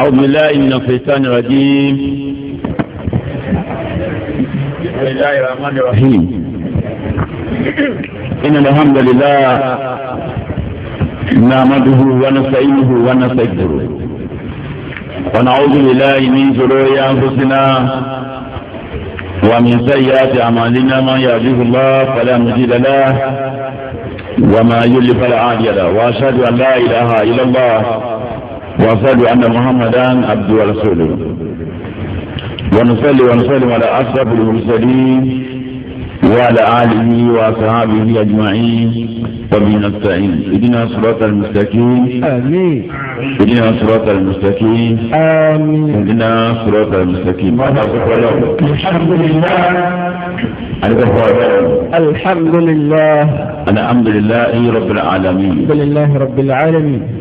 أعوذ بالله من الشيطان الرجيم بسم الله الرحمن الرحيم إن الحمد لله نعمده ونستعينه ونستغفره ونعوذ بالله من شرور أنفسنا ومن سيئات أعمالنا من يهده الله فلا مضل له وما يضلل فلا هادي له وأشهد أن لا إله إلا الله وأشهد أن محمدا عبده ورسوله ونصلي ونسلم على أشرف المرسلين وعلى آله وأصحابه أجمعين وبه نستعين اهدنا الصراط المستقيم آمين اهدنا الصراط المستقيم آمين اهدنا الصراط المستقيم الحمد لله الحمد لله الحمد لله رب العالمين الحمد لله رب العالمين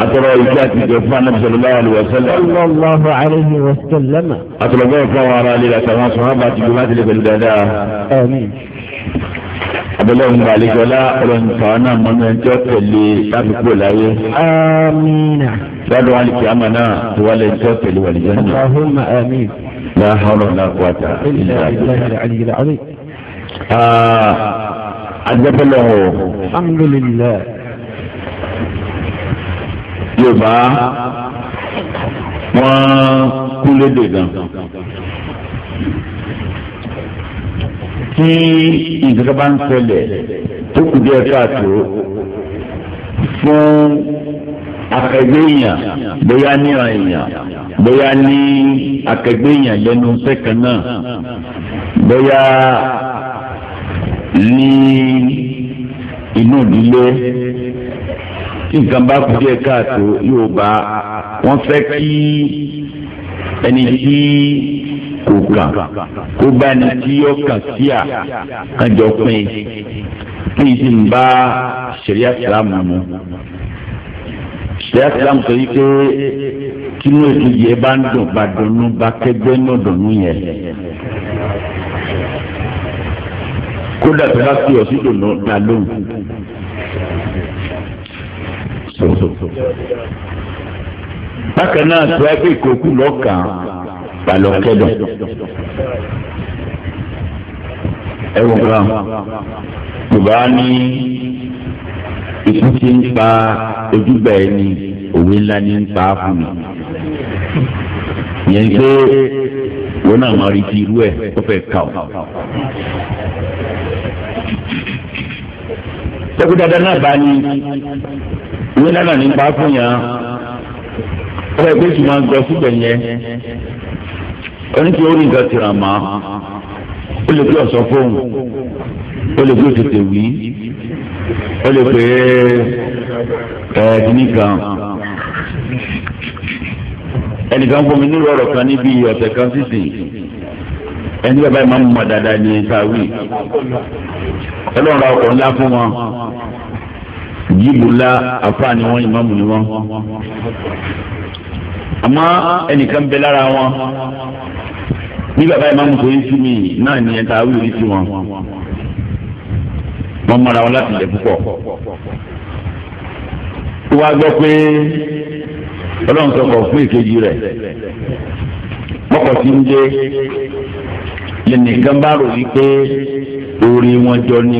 أترى يكاتي جفان صلى الله عليه وسلم صلى الله عليه وسلم أترى جوفا وراء لي لأترى صحابة جمات لبلدادا آمين أبلهم بالك ولا أرن فانا من ينجوك اللي تابق بولاي آمين لأدو عليك أمنا هو اللي ينجوك اللي والجنة اللهم آمين لا حول ولا قوة إلا بالله العلي العظيم آه أجب له الحمد لله yorùbá wọ́n kú lédè gan. tí nǹkan bá ń ṣẹlẹ̀ tó kù díẹ̀ káàtó fún akẹgbẹ́ èèyàn bóyá ní èèyàn bóyá ní akẹgbẹ́ èèyàn lẹ́nu sẹ́kàn náà bóyá ní inú ìdílé tí nǹkan bá kú díẹ̀ káàtó yóò bá wọ́n fẹ́ kí ẹni tí kò kàn kó bá ẹni tí yóò kàn sí à kájọ pín kí n sì ń bá sẹ̀ríà sàlámù mu sẹ̀ríà sàlámù sọ yìí pé tínú ètò yẹ bá ń dùn bá dunnú bá kẹgbẹ́ náà dunnú yẹn kódà tó bá fi ọ̀sìn dùnú dá lóhùn sọ. bákan náà tó ẹgbẹ́ ìkókù lọ́kàn balọ̀kẹ́dọ̀ ẹ̀rù kan yorùbá ní ikú tí ń pa ojúbà ẹni òwe ńlá ní ń pa fún mi yẹn pé wọn náà máa rí ti irú ẹ tó fẹ́ kà ó. tẹ́kù náà bá ní ìwé náà ní bá fún yàn ó yẹ pé tùmọ̀ gbọ́ síbẹ̀ yẹn oníṣẹ́ orí nǹkan tìrà mọ́ ó lè pé ọ̀sán fóun ó lè pé tètè wí ó lè pé ẹ̀ẹ́dínní kan ẹnìkan fún mi nílò ọ̀rọ̀ kan níbi ọ̀sẹ̀ kan sísìn ẹni bàbá yìí máa ń mọ̀ dáadáa ní sáwì ọlọ́run ra ọkọ̀ ńlá fún wọn jibula afa ni wọn imamu ni wọn ama ẹnìkan bẹ lára wọn ní bàbá imamu tó yé sí mi náà ni ẹta awé orí sí wọn wọn mara wọn láti lẹ púpọ̀ tó wá gbọ́ pé Ọlọ́run sọkọ fún ìkejì rẹ̀ mọkọ sí ń dé lẹnìkan bá rò wípé orí wọn jọ ní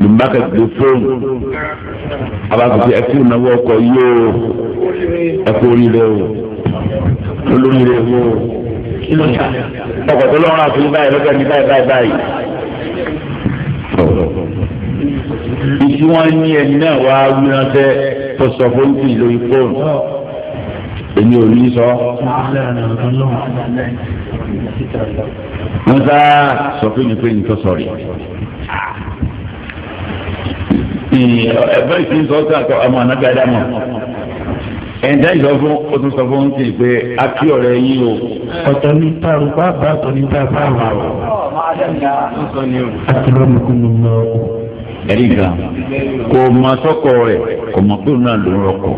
lùmbákẹ́ gbé fóònù abakùtì ẹkú náwó ọkọ̀ yóò ẹkú oríire o olóríire o ọkọ̀ tó lọ́rùn àti báyìí lọ́jọ́ ní báyìí báyìí báyìí. ìṣí wọn ní ẹni náà wá wí ránṣẹ́ tó sọ fóònù lórí fóònù èmi ò ní sọ. musa sọ fún mi pé n tó sọrí. ẹ̀fọ́ ìsìn sọ sí àtọ ọmọ ànágbé adamu ẹ̀ǹdá ìsọ fún o tún sọ fún ti pé a kí ọ̀rẹ́ yín o. ọ̀tọ̀ ní tààrù bá bá tọ̀ ní tààrù bá wà o. àtìlọ́mùkún ló ń lọ ẹ̀rí gan kò mọ sọ́kọ rẹ̀ kò mọ pé òun náà ló ń rọkọ.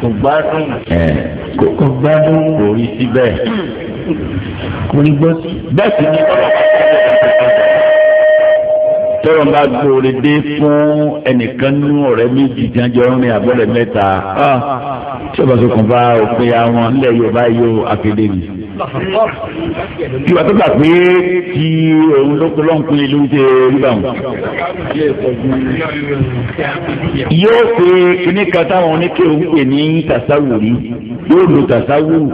kò gbádùn. ẹ kò gbádùn kò rí síbẹ̀ kò ní gbọ́ sí. bẹ́ẹ̀ sì ni tọrọ ń bá gbòòrè dé fún ẹnìkan nínú ọ̀rẹ́ méjì jẹjọ rìn àbọ̀rẹ̀ mẹ́ta ah. tí ọba tó kàn bá òpin àwọn ilẹ̀ Yorùbá yóò akéde nìyí ìwà tó gbà pé kí òun ló lọ́n pín in lóúnjẹ rírà wọn. yóò pe kíní kan táwọn oníkéwù ń pè ní tàṣàwùrí yóò lo tàṣàwùrù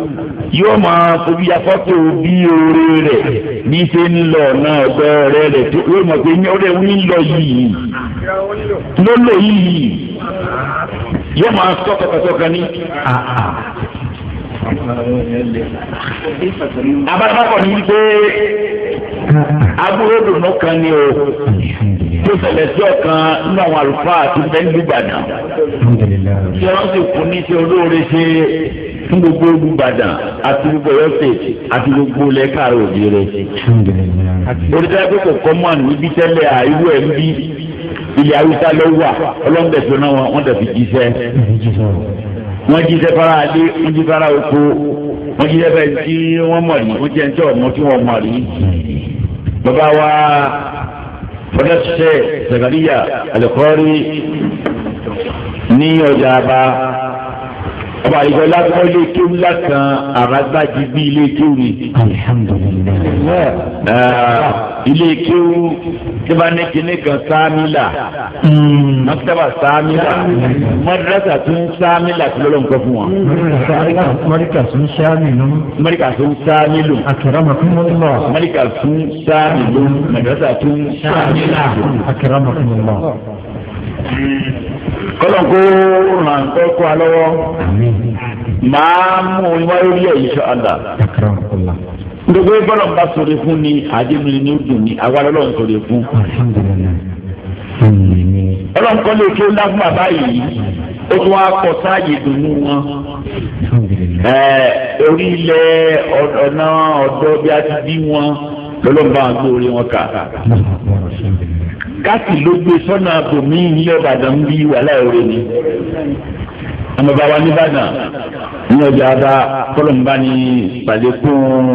yóò máa fojú ya fọ́tò bí oore rẹ̀ ní ṣe ń lọ náà ọ̀dọ́ rẹ̀ rẹ̀ tó yóò mọ̀ pé ó rẹ̀ ń lọ yìí ló lò yìí yóò máa sọ ní abalabakọ ni wípé agbóhódùnú kan ni o tó ṣẹlẹ̀ sí ọ̀kan nínú àwọn àlùfáà àti bẹ́ńdùgbàdàn tí wọ́n sì kún ní ti olóore ṣe fún gbogbo olùbàdàn àti gbogbo Ọ̀yọ́ state àti gbogbo lẹ́kàrà òjìire. oríṣiríṣi pé kò kọ́ mọ́ níbi tẹ́lẹ̀ àìwú ẹ̀ ń bí ilẹ̀ haúsá lọ́wọ́ ọlọ́mọdé tó náà wọ́n dẹ̀ fi jíṣẹ́ wọ́n jí sẹ́fara alé wọ́n jí sẹ́fara oko wọ́n jí sẹ́fẹ̀ tí wọ́n mọ̀ rí wọ́n jẹ́ ní tí ọ̀mọ́ tí wọ́n mọ̀ rí. bàbá wa fọdọ́sẹ̀ sàgàríyà àlùkọ́rí ní ọjà àbá ọba àyíkọ́ lásán ilé kéwú lásán àràgbájì bí ilé kéwú ni. alihamudulilayi. ilé kéwú tí bá ní kinní kan sáámílà mm. mọ́tàbà sáámílà mọ́dúrásà mm. tún sáámílà tí lọ́lọ́ nǹkan fún wa. mọ́ríkà tún sáámílù. mọ́ríkà tún sáámílù. akérèmọ́kúnmọ́lá. mọ́ríkà tún sáámílù mọ́dúrásà tún sáámílà. akérèmọ́kúnmọ́lá kọ́lọ̀ kó ràn kọ́ kó a lọ́wọ́ máa mú iwájú rí ẹ̀yìn sọ àdá gbogbo ìbọ̀lọ̀ bá sọ̀rọ̀ fún ni àdébìrì ni ó dùn ní àwa lọ́lọ́ sọ̀rọ̀ fún. ọlọ́run kọ́ lè kí ó ńlá fún bàbá yìí ó tún wá kọ sáàyè dùnú wọn. orí ilẹ̀ ọ̀nà ọ̀dọ́ bí a ti bí wọn lọ́lọ́mbà àgbò orí wọn kà. káàkiri ló gbé sọ́nà àbòmí ilé Ìbàdàn bí wàhálà ìròyìn àmọ́ bàbá nìbàdàn ní ọjà ada kọlọmùbá ní pàdékùn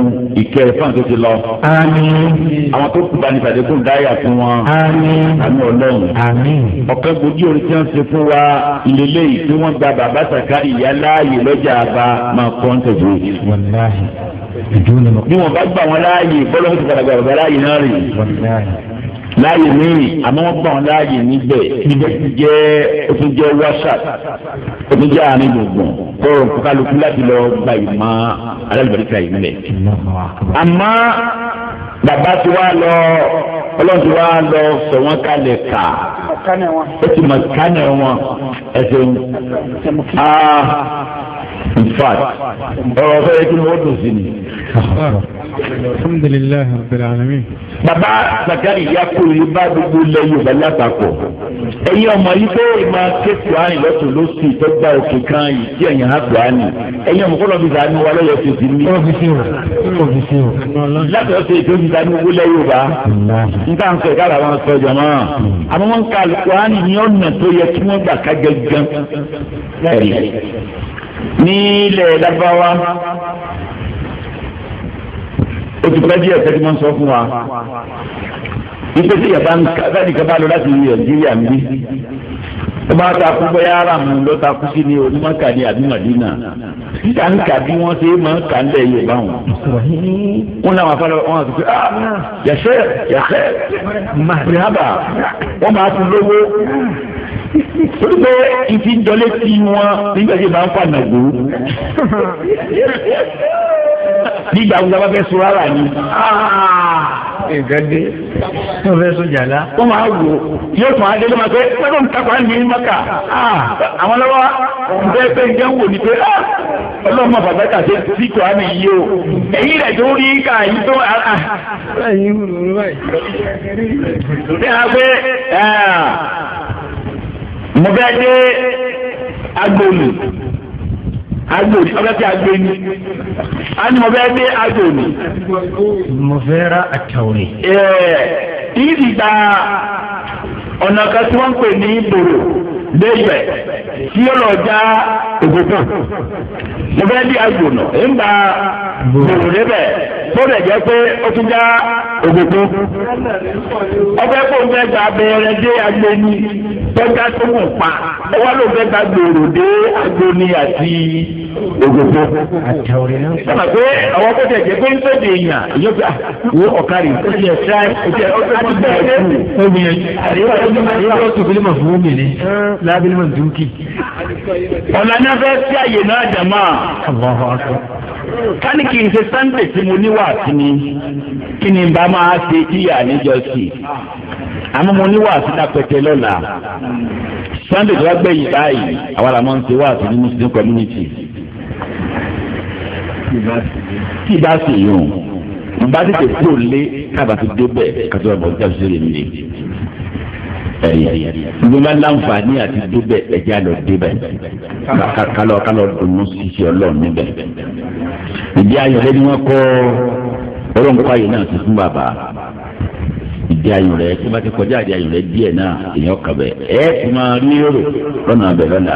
ìkẹ́ fún àti ti lọ. àmín. àwọn tó kù bá ní pàdékùn dáyà fún wọn. àmín. àmì ọlọ́run. àmín. ọ̀kẹ́ gbòógì orí tí wọ́n ṣe fún wa ìlélẹ́ yìí tí wọ́n gba bàbá sàkárì ìyá láàyè lọ́jà àbá máa kọ́ ń tẹ̀sí. wàláhì ìdúró ni bí wọn bá gbà wọn láàyè bọ́lá láàyè míì àmọ́ wọ́n gbà wọ́n láàyè níbẹ̀ níbẹ̀ ti jẹ́ ó tún jẹ́ wáṣàt ó tún jẹ́ àárín gbùngbùn tó o kálukú láti lọ gba ìmọ̀ alábẹ̀rẹ̀kà yìí nílẹ̀. àmọ́ bàbá ti wá lọ ọlọ́run ti wá lọ sọ wọ́n kalẹ̀ kà ó ti mọ̀ kánẹ̀ wọn ẹ̀sẹ̀ ah in fact ọ̀rọ̀ fẹ́ẹ́ kí ni wọ́n dùn sí ni alhamdulilayi rabbil alamin. bàbá Zakari ya kó ilé bá gbogbo ilẹ̀ Yorùbá lápapọ̀ ẹ̀yin ọmọ yìí bẹ́ẹ̀ máa ké kùránì lọ́tún lọ́sì tó gba òkè kan yìí tí ẹ̀yin á kùránì ẹ̀yin ọmọ kọ́lọ́ fi sàánú wa lọ́yọ̀ tó ti mí. ọ́fíìsì o ọ́fíìsì o. láti ọ̀sẹ̀ ètò ti sàánú owó lẹ́yìn Yorùbá nǹkan sọ ìkàlà wọn sọ jọmọ́ àmọ́ wọn ka kùránì ní ọ̀nà tó yẹ kí wọ́n gbà ká gẹ́gẹ́ ní ilẹ̀ lábáwá o ti pẹ́ díẹ̀ tẹ́tí máa ń sọ fún wa ipe tí yàrá bẹ́ẹ̀ nìkan bá lọ láti ìlú nàìjíríà ń bí ó bá ta kú bóyá aramu ló ta kú sí ní onímọ̀ọ́kà ní àbí màdínà ń kà bí wọ́n ṣe é máa ń kà ń lẹ̀ yóò bá wọ́n làwọn afárá wọn àti pé ah yàtọ̀ yàtọ̀ màdìhábà wọ́n máa tún lówó torí pé ìfíjọlé tí wọn nígbà tí ìbá ń fa nàgbó nígbà wo lọ́wọ́ fẹ́ sọ ara ni. ìgbàgbé ah! wọ́n fẹ́ sọjà la. wọ́n máa wò yóò tún adé ló máa pẹ́ pẹ́ẹ́rọ ń takọ̀ ní maka ah! àwọn lọ́wọ́ bẹ́ẹ̀ pé njẹ́ ń wò ní pé ah! ọlọ́mọ bàbá kà sí sí tó àmì yìí o èyí rẹ̀ tó rí ká yìí tó ara. báyìí ń rò ó báyìí. bí a pé mo bẹ́ẹ̀ dé agbolu agbo ni ọbẹ̀ tí agbo ni a ni mo fẹ́ dé agbo ni. mo fẹ́ ra àtàwé. ẹẹ ìdìgbà ọ̀nà kan tí wọ́n ń pè ní ìbòrò. débẹ̀ tí ó lọ já òkùnkùn mo fẹ́ di àgbònà gbòòrò débẹ̀ tó lè jẹ́ pé ó tún já òkùnkùn ọbẹ̀ kó ń fẹ́ gba abẹ́rẹ́ dé tó pa ó wá ló fẹ́ gba gbòòrò dé àti sábà pé àwọn tẹ̀ jẹ́ pé ń sèdè èèyàn wo ọ̀kadì ó ti ó ti ó ti bẹ̀rẹ̀ àríwá tó lábílì mọ̀dúkì. ọ̀la náà fẹ́ sí àyè náà jàmá. ká ní kí n ṣe sunday tí mo níwà sí ni kí ni bá máa ṣe ìyá níjọ sí i. àmọ́ mo níwà sí dápẹ́tẹ́ lọ́la. sunday tó wá gbẹ̀yìn báyìí àwa làmọ́ ń ṣe wà sí ní muslim community. tí ì bá sì yùn n bá tètè kúrò lé kábàtì débẹ̀ kátó ọmọ ìjà òṣèré mi. ẹyẹ gbogbo máa àti débẹ̀ ẹ̀jẹ̀ lọ débẹ̀ kálọ̀ kálọ̀ dùnú ṣíṣe ọlọ́run níbẹ̀. ìdí ayọ̀lẹ́ ni wọ́n kọ́ ọlọ́nkọ́ ayé náà ti fún bàbá ìdí ayọ̀ rẹ̀ tó bá ti kọjá ìdí ayọ̀ rẹ̀ náà èèyàn abẹ àgbà.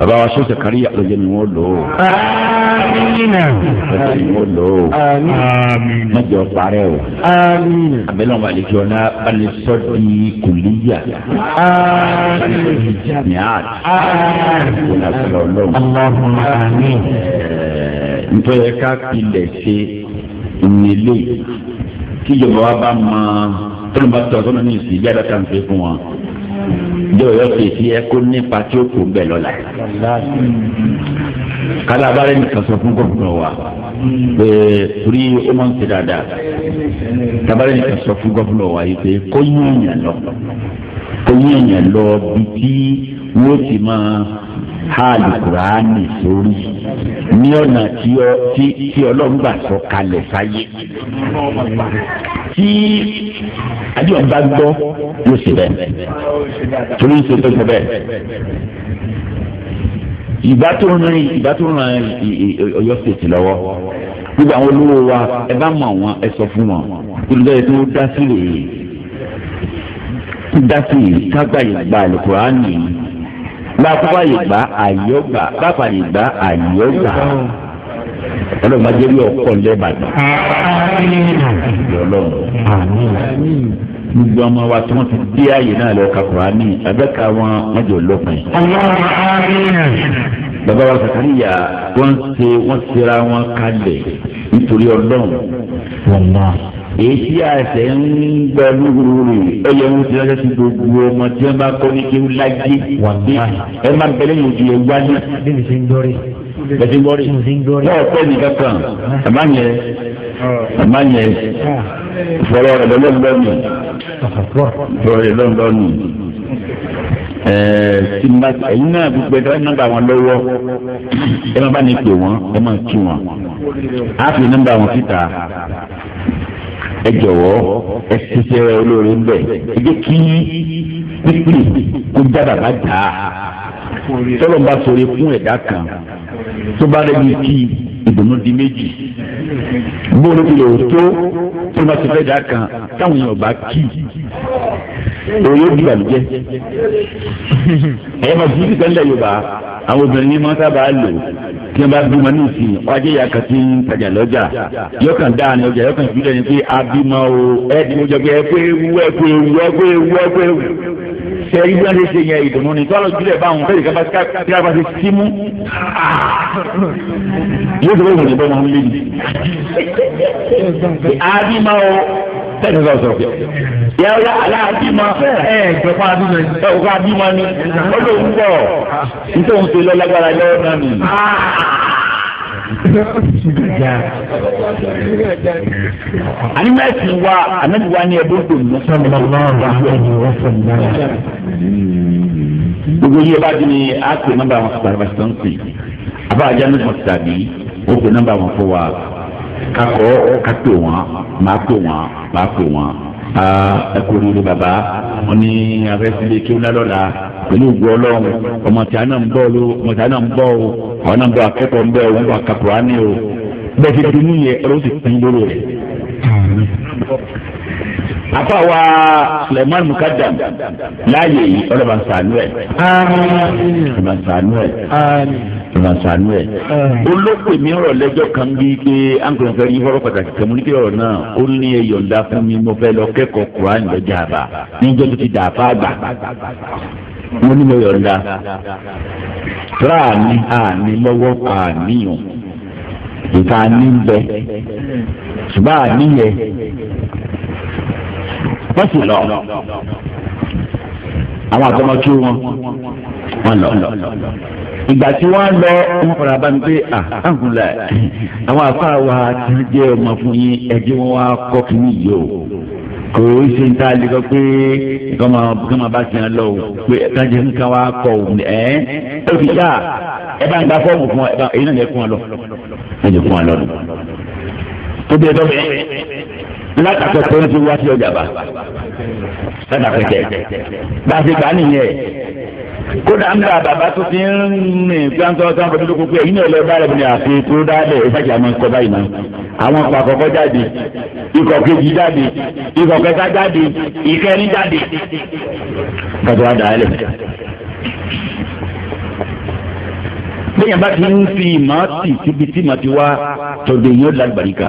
bàbá wa sọ́sẹ̀ ya, àlọ́jẹ́ ni wọ́n lò ó. àmín. àlọ́jẹ́ ni wọ́n lò ó. àmín. mọ̀jọ parẹ́ o. àmín. abẹ́lẹ́ wọn àlejò ọ̀la balẹ̀ sọ́ọ̀dì kùlíyà. àmín. jamiat. àmín. wọn àgbẹ̀rẹ̀ ọlọ́run. Allahumma àmín. ntọ́yẹ ká pilẹ̀ ṣe ìnílé kíjọba wa bá máa tọ́lùmọ́tò ọ̀sán náà ní ìsìn ìjáde tá à ń fẹ́ fún wa jọ̀wọ́ yọ fèsì ẹ kó nípa tí ó kù bẹ́ẹ̀ lọ́la. kálá abárẹ́ nìkan sọ fún gómìnà wa pé torí ó máa ń ṣe dáadáa tabarẹ́ nìkan sọ fún gómìnà wa yìí pé kó yín èèyàn lọ kó yín èèyàn lọ bí tí wọ́n ti máa hali kuraani sórí ní ọ̀nà tí ọlọ́run gbà sọ kalẹ̀ sáyé tí adéwọ̀n bá gbọ́ yóò ṣe bẹ́ẹ̀ torí ń ṣe tó ṣe bẹ́ẹ̀ ìgbà tó ń rìn ìgbà tó ń rìn Ọ̀yọ́ state lọ́wọ́ gbogbo àwọn olówó wa ẹ bá mọ àwọn ẹ sọ fún wọn olùdarí tó dá sílẹ̀ dá sílẹ̀ kágbáyé gba àlùkò ànì yìí bàbá ìgbà àyọ̀gbà bàbá ìgbà àyọ̀gbà ọlọ́run máa jẹ́ bí ọkọ̀ lẹ́bàdàn. ọlọ́run gbogbo ọmọ wa tí wọ́n ti dé àyè náà lọ́ọ́ kakura ní abẹ́ka wọn wọ́n jọ lọ́pìn. ọlọ́run bàbá wa Zakariya wọ́n ṣe wọ́n ṣera wọn kalẹ̀ nítorí ọlọ́run wọn náà èyí àṣẹ ń gbẹ lúgbúrú ẹ yẹ ń ti lọ́jọ́ sí gbogbo ọmọ tí wọ́n bá kọ́ ní kí wọ́n lájé ẹ má bẹ̀rẹ̀ yóò di ewu wájú. bẹ́ẹ̀ ti ń gbọ́rí. bẹ́ẹ̀ ti ń gbọ́rí. náà pẹ́ kankan àmà yẹn àmà yẹn fọlọ́ rẹ̀ lọ́lọ́dọ́nù fọlọ́ rẹ̀ lọ́lọ́dọ́nù tí n bá ẹ̀yin náà gbogbo ẹ̀dá nọ́mbà wọn lọ́wọ́ ẹ máa bá ní pè wọ́n ẹ máa kí wọn á fi nọ́mbà wọn síta ẹ jọ̀wọ́ ẹ ṣiṣẹ́ rẹ olóore ńbẹ ẹ jẹ́ kí pípì kó já bàbá dà á tọ́lọ̀ ń bá sọ̀rọ̀ fún ẹ̀dá kan tó bá rẹ̀ ní kí ìdùnnú di méjì bó ló fi lè tó tó bá ti fẹ́ dà kan táwọn èèyàn bá kì í òye bí ìbànújẹ́ ẹ̀yẹ́ máa fi kíkan lẹ̀ yorùbá àwọn obìnrin ní mọ́tà bá lò kí wọ́n bá bímọ ní ìsìn wọ́n ìyá kan ti ń tajà lọ́jà yóò kàn dáa ní ọjà yóò kàn fi lẹ́yìn pé abímọ o ẹ̀ẹ́dínlójọ pé ẹ pé ewu ẹ pé ewu ẹ pé ewu ẹ pé ewu sẹ́yìn bí wọ́n ṣe ṣe yẹn ìdùnnú ni tọ́lọ̀ jùlẹ̀ báwọn fẹ́ẹ́ ìjọba tí a bá ṣe sí mú yóò tó wọ́n ìbọn wọn lé ní. àbí máa o tẹ̀sí sọ̀rọ̀ sọ̀rọ̀ pé yà ó yà àlá àbí máa ẹ̀ ìjọba àbí máa ni ọkọ àbí máa ni ó lóun bọ̀ nítorí òun ṣe lọ́lágbára lọ́wọ́ náà nù anima ẹsìn wa anabi wa ni ẹbí gbòm ní sọmọ gbogbo yìí ẹ bá di ni a pè nọ́mbà wọn fún bàbá sọ ń pè àbá ajá ní sọ tàbí ó pè wọn fún wa kakọ kakọ wọn máa pè wọn máa pè wọn ẹkú rere bàbá wọn ní abẹ́sílẹ̀ kí wọn lọ́la pẹ̀lú ògùn ọlọ́run ọmọ tí a náà ń bọ̀ o ọmọ tí náà ń bọ̀ o àwọn náà ń bọ̀ akẹ́kọ̀ọ́ ń bẹ̀ o wọn bọ̀ akapọ̀ á ní o bẹ́ẹ̀ ti dunu yẹ ọlọ́run ti pín lórí rẹ̀ àfàwà Suleiman Mukadam láàyè yìí ọlọ́ba sànú ẹ̀ ọlọ́ba sànú ẹ̀ ọlọ́ba sànú ẹ̀ olóòpè mi rọ̀ lẹ́jọ́ kan bí pé ankulọ̀ fẹ́ rí fọ́rọ́ pàtàkì kẹ́múríkì ọ̀rọ̀ náà ó ní ẹ̀yọ̀ǹda fún mi mo fẹ́ lọ kẹ́kọ̀ọ́ Kùránì lọ́jà àbá níjọ́ tó ti dà fá àgbà mo ní mo yọ̀ǹda tíra àní àní lọ́wọ́ àníyàn ìta ní bẹ ṣùgbọ́n àníyẹ wọ́n sì lọ àwọn àtọmọkí wọn wọ́n lọ ìgbà tí wọ́n lọ wọ́n fara bá mi pé à àǹkùnlá àwọn àfáà wa ti jẹ ọmọ fún yín ẹjẹ wọn wá kọ kínní yìí o kò í ṣe ń ta àlekọ pé kọ́mọ kọ́mọ bá ti hàn lọ o pé kájẹ nǹkan wá kọ o ẹ ẹ fi ṣáà ẹ bá ń gba fọ́ọ̀mù fún ọ ẹ bá èyí náà lè fún ọ lọ ẹ lè fún ọ lọ tó ẹ tọ́ bẹ́ẹ̀ látàkọ́ pé wọ́n ti wá sí ọjà bá látàkọ́ tẹ̀ gbàgbé gbà nìyẹn kódà ń bá bàbá tó ti ń rìn gbáǹtọ́ sáwọn fọdún lóko pé èyí náà lọ bá rẹ̀ ní àfi tó dáadẹ̀ ẹ̀ sáàkì àwọn ikọ̀ báyìí náà àwọn ọkọ̀ àkọ́kọ́ jáde ikọ̀ kejì jáde ikọ̀ kẹta jáde ìkẹrin jáde kàtó wa dàálẹ̀. bẹ́ẹ̀ bá ti ń fi ìmọ̀ tì síbi tí màá ti wá tọ̀dọ̀ yóò lágbàríkà.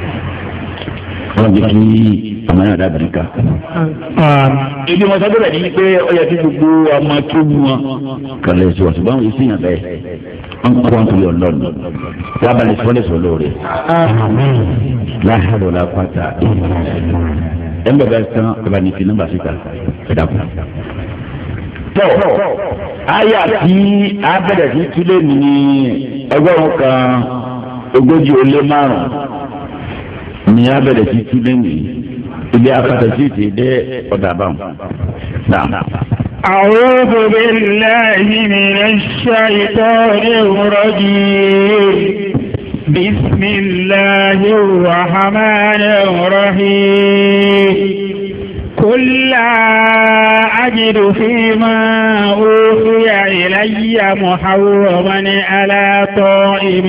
wọn jẹ kí ọmọ yàrá bìí ká. ibi wọn sọdọ bẹ́ẹ̀ ni pé ó yẹ kí gbogbo ọmọ tó mú wọn. kàlẹ́ ìṣòwò ṣùgbọ́n àwọn ìṣìyàn bẹ́ẹ̀ ń kó wọn kiri ọlọ́ọ̀nù wàá balẹ̀ sọ́lẹ̀ sọ lóore. láhàlú la pàtà ẹ̀ ń bẹ̀rẹ̀ sàn ọba ní fi nọ́mbà síta ẹ̀ dàpọ̀. tọ́ ayé àti abẹ́rẹ́ sí túlẹ̀ ní ẹgbẹ̀rún kan ogójì ó lé márùn-ún ní abẹ́rẹ́ sí túlẹ̀ ní ilé afásitì ti dé ọ̀dà báwọn. أعوذ بالله من الشيطان الرجيم بسم الله الرحمن الرحيم قل لا أجد فيما أوحي إلي محرما على طائم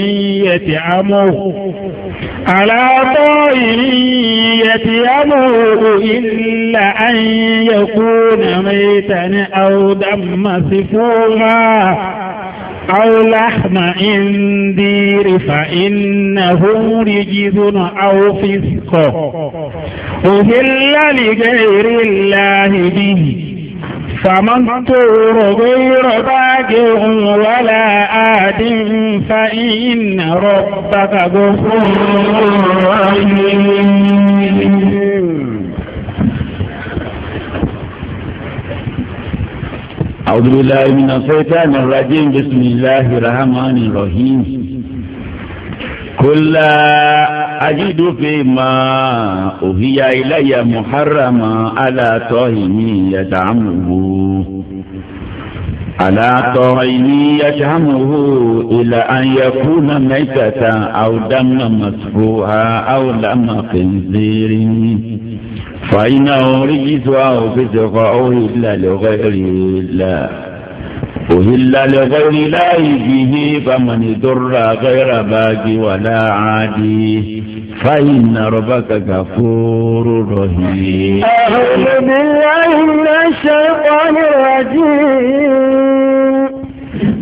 يتعمه على طائرية يموت إلا أن يكون ميتا أو دم سفوها أو لحم إندير فإنه رجز أو فسق أهل لغير الله به فمن طور غير باق ولا آد فإن ربك غفور رحيم أعوذ بالله من الشيطان الرجيم بسم الله الرحمن الرحيم kula ajidu fi ma ohiya ilaya muharrama ala tọhimi yatamuhu ala tọhimi yatamuhu ila an yakuna maitata aw dama masfuha aw lama khinziri fa ina orijitu aw fisika ohila lọgẹri la. أهل لغير الله به فمن ضر غير باق ولا عادي فإن ربك غفور رحيم أعوذ بالله من الشيطان الرجيم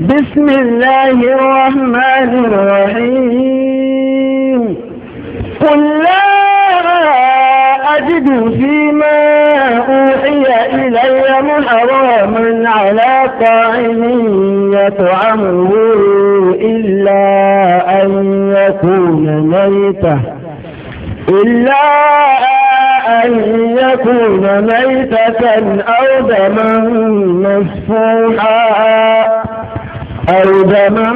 بسم الله الرحمن الرحيم قل لا أجد فيما ليم حرام على طاعم يطعمه إلا أن يكون ميتة إلا أن يكون ميتة أو دما مسفوحا أو دما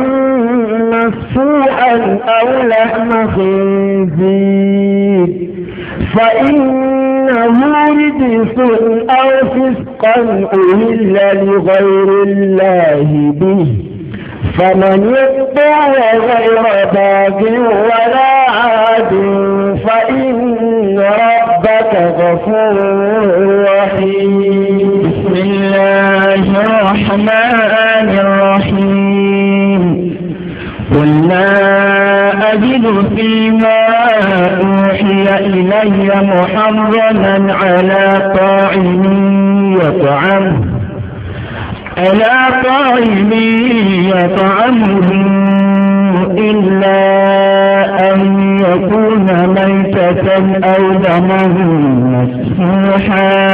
مسفوحا أو لحم خنزير فإنه رجس أو فسقا أهل لغير الله به فمن يبقى غير باق ولا عاد فإن ربك غفور رحيم بسم الله الرحمن الرحيم قل لا أجد فيما أوحي إلي محرما على طاعم يطعم على طاعم يطعمه إلا أن يكون ميتة أو دمه مفتوحا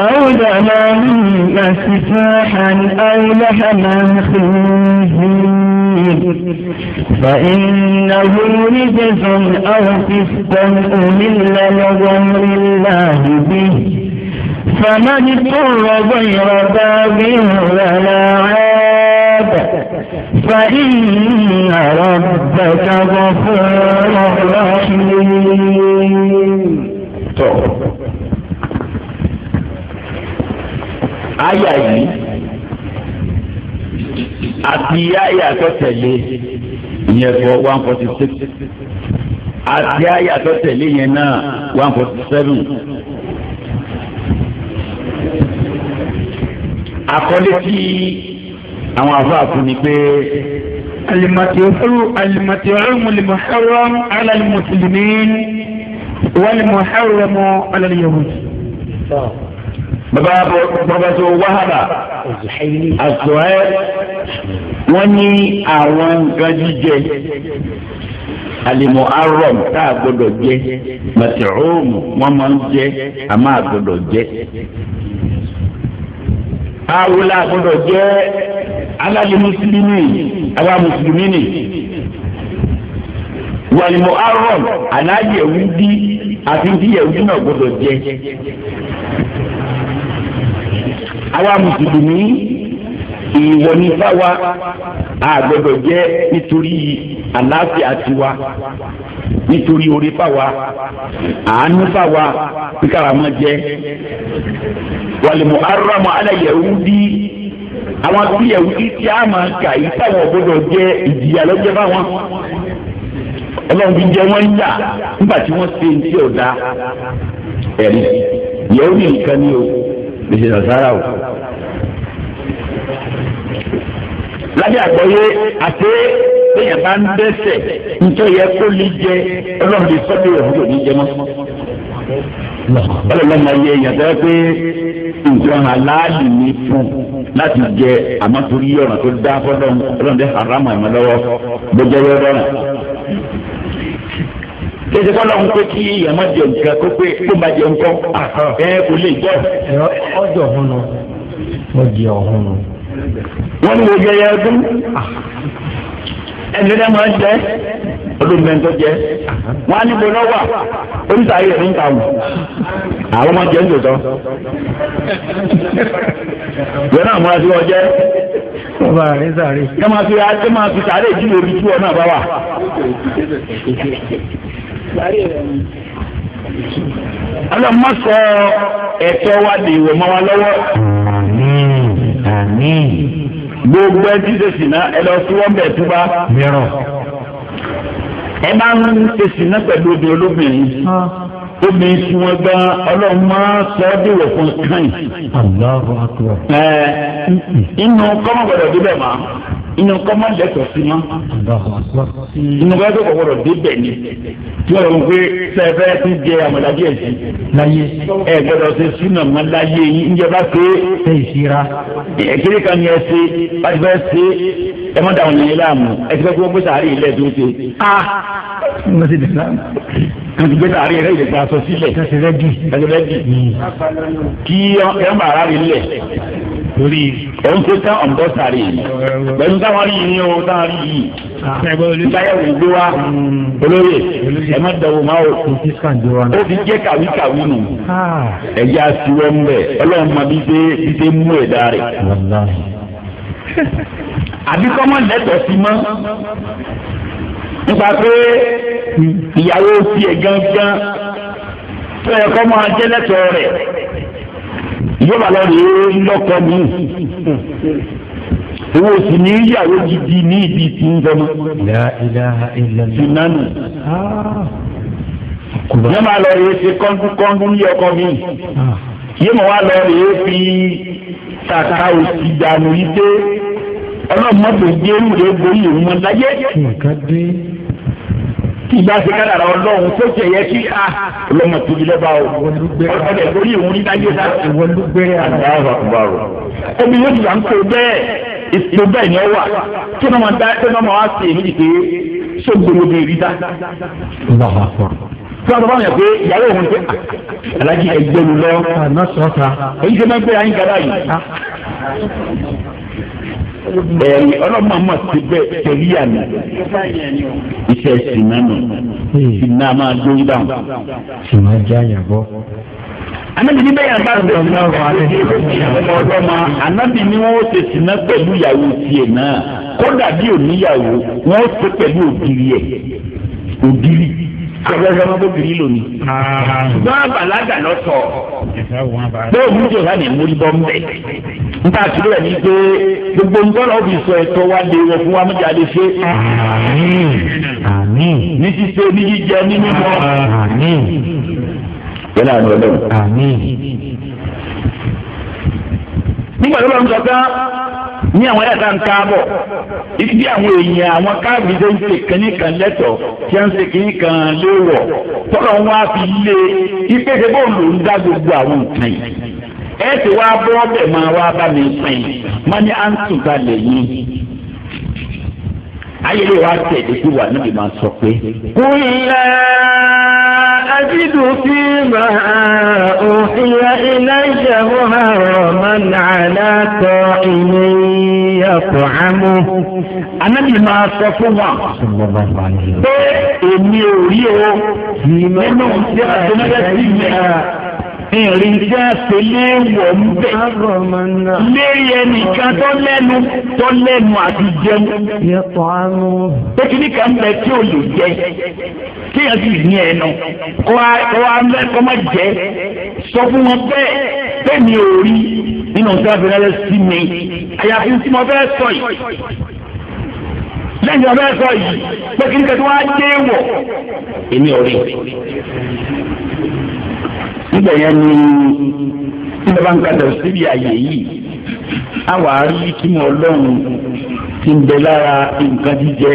أو دما مسفوحا أو من خنزير فإنه رجز أو فسقا أمل لغمر الله به فمن اضطر غير باب ولا عاد فإن ربك غفور رحيم tọ̀ àyà yìí àti àyà tó tẹ̀lé ìyẹn fọ one forty six àti àyà tó tẹ̀lé yẹn náà one forty seven. àkọlé tí àwọn afáàfin ni pé. alimatiwaru alimatiwaru mulimu haram ala muslimin. والمحرم على اليهود bàbá pọfẹsọ wahaba azọẹ wọn ní àwọn nǹkan jíjẹ alimu arọm tá a gbọ́dọ̀ jẹ matiọmu wọn máa ń jẹ àmọ́ a gbọ́dọ̀ jẹ awolá a gbọ́dọ̀ jẹ alali mùsùlùmí àwa mùsùlùmí ni walimu arọm alájẹwù di àti díyẹ̀wò náà gbọ́dọ̀ jẹ. àwa mùsùlùmí ìwọ ní fáwa àgbẹ̀dọ̀ jẹ́ nítorí àlàáfíà tiwa nítorí orí fáwa àánú fáwa píkàrà mọ́ jẹ́ wàlẹ̀ mọ́ arámọ́ aláyẹ̀wò bí àwọn àti yẹ̀wò tí a máa kà yìí táwọn gbọ́dọ̀ jẹ́ ìdíyà lọ́jọ́ ọlọ́run fi jẹ wọ́n yà nígbà tí wọ́n ṣe ní tí ò da ẹ̀rí yẹ̀wò ní nǹkan ní o lè ṣe nàzára o. lábẹ́ àgbọ̀yé àti bẹ́yẹn bá ń dẹ́sẹ̀ nítorí yẹ kó lè jẹ ọlọ́run lè sọ́ pé òun ní jẹ mọ́. ọlọ́run máa yẹ èèyàn tẹ́lẹ̀ pé nǹkan aláàlì ní fún láti jẹ àmọ́ torí ọ̀ràn tó dá fọ́dọ̀ ọlọ́run dẹ́ haramu àmọ́ lọ́wọ́ gbẹjẹ́ lọ́dọ̀ náà tètè kọ́ lọ́hún pé kí èèyàn má jẹ nǹkan kó pé kó má jẹ nǹkan ẹ kò lè jọ. ọjọ́ ọ̀hún nù ọjọ́ ọ̀hún nù. wọ́n ní oge ẹyẹ ọdún ah. ẹni rẹ máa ń jẹ olùmẹ̀ntọ́ jẹ wọ́n á níbo náà wà oríṣi ayé rẹ̀ ń ta wù àwọn máa jẹ ń tòótọ́. ìwé náà múra sí wọn kí wọ́n máa fi sáré ìdílé orí tí wọn náà bá wà ọlọ́mọ sọ ẹ̀tọ́ wa di ìwé mọ́ wa lọ́wọ́. àmín àmín. gbogbo ẹtí ṣe sìnà ẹ lọ sí wọn bẹ́ẹ̀ tó bá. mìíràn. ẹ máa ń ṣe sìnà pẹ̀lú obìnrin olóbìnrin omi tí wọ́n gbá ọlọ́run máa sọ ọ́ dìwọ̀ fún káyìn. ẹ mm-hmm. inú kọ́mọ̀ gbọ́dọ̀ débẹ̀ mọ́ inú kọ́mọ̀ lẹ́tọ̀ sí mọ́ inú kọ́mọ̀ tó gbọ́dọ̀ débẹ̀ ni tí wọ́n rò pé sẹ́fẹ́ ti jẹ àmàlà díẹ̀ sí. láyé ẹ gbọ́dọ̀ ṣe sínú ọmọ láyé yìí ń jẹba pé. ṣé ìṣira. ìkíni kan yẹn ṣe láti fẹ́ ṣe ẹ mọ́ dàwọn yẹn láàmú ẹ ti fẹ́ kí wọ́n gbé sàárì ilẹ̀ tó ṣe. ah kan ti gbé sàárè rẹ ìlẹ̀ gba aṣọ sílẹ̀ kẹsìrẹ́dì kí ẹ má ara rí lẹ̀ torí ẹ ń kóta ọ̀nbọ sàárè yìí pẹ̀lú táwọn rí yìí o táwọn rí yìí ìtayẹ̀wò ah. ìgbé wa hmm. olóyè ẹ má dọ̀wọ́ máa o ó fi jẹ́ kàwíkàwí nù ah. ẹ̀yà siwọ́ ń bẹ̀ ọlọ́run m'a bí dé mú ẹ̀dá rẹ̀ àbí kọ́mọ̀ lẹ́tọ̀ọ́ sí mọ́ nípa pé ìyàwó fi ẹ̀ gangan tó yẹ kọ́ máa jẹ́ lẹ́tọ̀ọ́ rẹ̀ yóò bá lọ rèé lọ́kọ mi owó sì ní ìyàwó gidi ní ibi tí ń bọ́ mọ́ sinanu yóò máa lọ rèé ṣe kọ́ńdúkọ́ńdú ní ọkọ mi ah. yóò máa lọ rèé fi tàkà òsì dànù yìí dé ọlọ́mọdé jẹ́ ìwé gorí ìmọ̀ láyé. kí ìgbà ṣe kádàrà ọlọ́run tó jẹ yẹ kí a ah, ọlọ́mọ tóbi lọ́ba o ọlọ́dẹ gorí ìwọ̀n ní láyé náà. ìwọlúgbẹ́rẹ́ àdáhà àkùbárò. omi yóò dùn à ń kó bẹ́ẹ̀ ìsìn bẹ́ẹ̀ ni ọ wà kí wọ́n máa dá kí wọ́n máa wá sí èmi dìde ṣé gbogbo ìrìta tí wọ́n sọ fún mi pé ìyàwó òun pé ah, alájí ẹgbẹ́ mi lọ. èyí ṣe máa ń pè ayín gàdá yìí. Ah ẹ̀rí ọlọ́mọ àmọ́ ti bẹ́ẹ̀ tẹ̀lé àná iṣẹ́ sinna nù sinna hmm. máa dóyún dáhùn. sinna jẹ́ àyàbọ̀ anabi ni bẹ́ẹ̀ yà bá rẹ̀ ọlọ́mọ anabi ni wọ́n ṣe sinna pẹ̀lú ìyàwó tiẹ̀ náà kódà bí oníyàwó wọ́n ṣe pẹ̀lú ògiri ẹ̀ ògiri àgbẹ̀sẹ̀ ọmọ bóbìrì lónìí. bá a bàlágà lọ sọ bó o mújò láti múlí bọ́ mbẹ́. níta àtúrò ẹ̀ ní pé gbogbo nǹkan ọ̀bì sọ ẹ̀tọ́ wa lè wọ fún wa mú jáde ṣe. ní ti ṣe ní jíjẹ ní mímọ́. yẹ́nà àná ọ̀dọ́ nígbà tó bá ń sọ ká ní àwọn yàtà ń káàbọ̀ ibi àwọn èèyàn àwọn káàbì tó ń ṣe kínní kan lẹ́tọ̀ tí a ń ṣe kínní kan léwọ̀ tọ́lọ̀ wọn á fi lé ìpèsè bóun ló ń dá gbogbo àwọn nǹkan yìí ẹ ti wá bọ́ ọbẹ̀ máa wá bá mi sìn máa ní à ń tún balẹ̀ yìí ayẹyẹ wa tẹ̀lé sí wa níbi máa sọ pé. kúlẹ̀. أجد فيما أوحي إلي محرما على طاعم يطعمه Ànábì máa sọ fún wa pé èmi ò rí o nínú ìdí àdúgbò tí mi ìrìn jẹ́ àpèlé wọ̀ ń bẹ̀. lérí ẹnìkan tó lẹ́nu tó lẹ́nu àti jẹun. pékinní kan bẹ tí ò lè jẹ tí yẹn sì ní ẹnu kó wa kó má jẹ sọ fún wọn bẹ́ẹ̀ bẹ́ẹ̀ ni ò rí nínú sáfẹ́rẹ́ sí mi àyàfi tí mo fẹ́ sọ yìí lẹ́yìn ọ̀rẹ́ sọ yìí pé kí nìkan tí wọ́n á dé wọ̀ èmi ò rí i. nígbà yẹn ni nígbà bá ń ka dọ̀rọ̀ síbi àyè yìí á wà á rí kí mo ọlọ́run ti ń bẹ lára nǹkan jíjẹ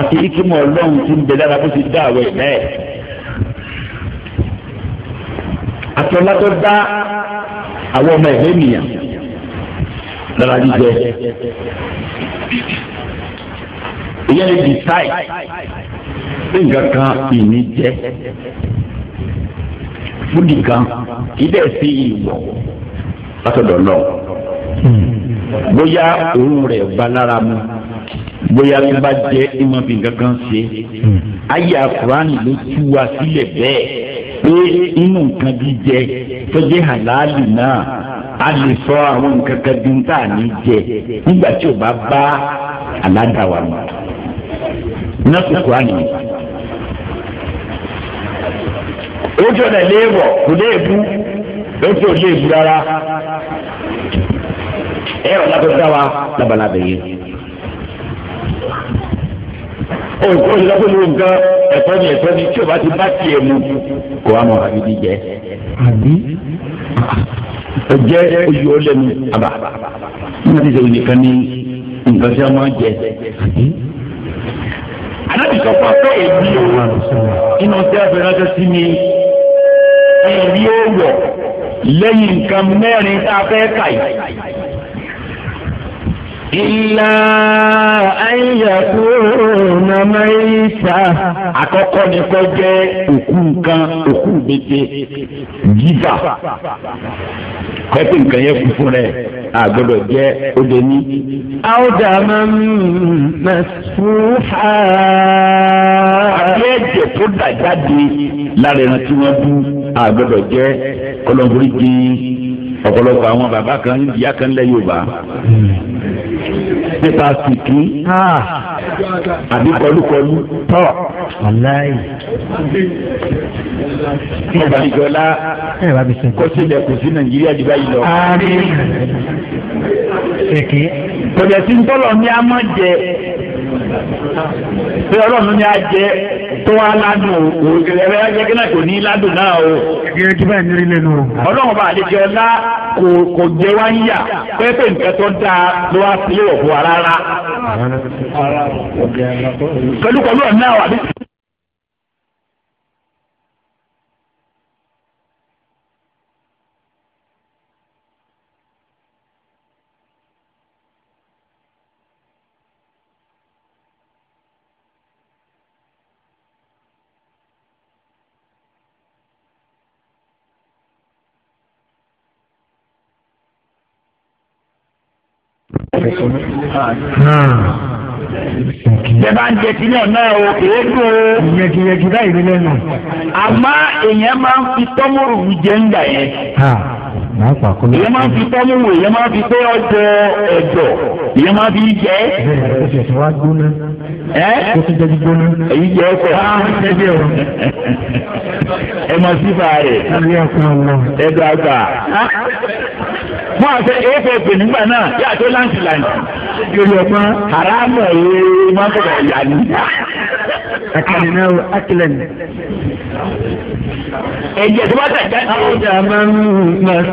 àti kí mo ọlọ́run ti ń bẹ lára bó ti dá àwọ̀ ẹ̀ àtọ́lá tó dá àwọn ọmọ ẹ̀fẹ́ nìyà lára jíjẹ ìyẹn lè decide pé nǹkan kan ìní jẹ fúdì kan kì í dẹ̀ sí ìwọ̀ látọ̀dọ̀ náà bóyá òun rẹ̀ bá lára mu bóyá ló bá jẹ́ ìmọ̀ bí nǹkan kan ṣe ayé àkùránì ló tú wa sílẹ̀ bẹ́ẹ̀ pé inú nǹkan jíjẹ tó jẹ́ àlàálì náà a lè sọ àwọn nǹkan kan dín tá à ní jẹ nígbà tí ò bá bá aládàá wa mọ̀ nọ́ọ̀sì kúránì yìí. ojú ọ̀nà ìléèwọ̀ kò léèbú ojú ò léèbú rárá ẹ ọ̀ lábẹ́ dá wa lábalábẹ́ yìí. olùkọ́ ìlú lọ́kọ́ ìlú nǹkan ẹ̀kọ́ ni ẹ̀kọ́ ni tí o bá ti bá tiẹ̀ mu kò wá mọ̀ àbídí jẹ. àbí o jẹ ojú ó lẹ́nu àbá nígbà tí ìṣègùn nìkan ní nǹkan tí wọ́n máa jẹ alábi sọ fún ọpẹ èmi òwò inú tẹ ẹ fẹrẹ sí mi ẹrí òwò lẹ́yìn nǹkan mẹ́rin tá a fẹ́ kà yìí ilà ayẹ̀kùn mẹ́ta. àkọ́kọ́ ni kò jẹ́ òkú nǹkan òkú gbèsè jíjà kẹ́pì nǹkan yẹn kú fún rẹ̀ àgbọ̀dọ̀ jẹ́ òde ní. àwòdà máa ń mẹ́fúhà. àbí ẹ̀jẹ̀ tó dà jáde lára ẹran tí wọ́n bú àgbọ̀dọ̀ jẹ́ kọlọ́ngbórí di ọ̀pọ̀lọpọ̀ àwọn bàbá kan ìyá kan lẹ́yìn òbá nípa sìkì àbí kọlùkọlù tọ̀. ìbàdìjọ́lá kó sílẹ̀ kò sí nàìjíríà jù báyìí lọ. sìkì. kò dẹ̀ sí ń tọ́lọ̀ ní a máa jẹ pé ọlọ́run ni a jẹ tó wá ládùn o ẹ̀rẹ́ ẹgbẹ́ náà kò ní ládùn náà o. gẹ́gẹ́ bí báyìí nírí lẹ́nu o. ọlọ́run bá àlejò ọlá kò jẹ wá ń yà pé pé nǹkan tó dáa ló wá sílẹ̀ wọ̀ rárá. pẹ̀lú pẹ̀lú ọ̀nà àwọn àbí. bẹ́ẹ̀ bá ń jẹ sílẹ̀ náà o kìí tó o. yẹkiyẹki báyìí lẹ́nu. àmọ́ èèyàn máa ń fi tọ́mọ̀rù jẹ́ ń gbà yẹn ìyẹn máa fi tọ́ níwò ìyẹn máa fi pé ọjọ́ ẹ̀dọ̀ ìyẹn máa fi jẹ́. bẹ́ẹ̀ o ti ẹ̀sìn wá gbóná. ẹ o ti jẹ́ gbóná. èyí jẹ́ ẹ̀kọ́. ẹ mọ sífà rẹ̀. ẹ̀dọ̀ àgbà. fún àfẹ eff nígbà náà yà tó láǹtì láǹtì. yorùbá haramu ẹ̀ máa ń bọ̀ yà ni. أكلناه أكلا دما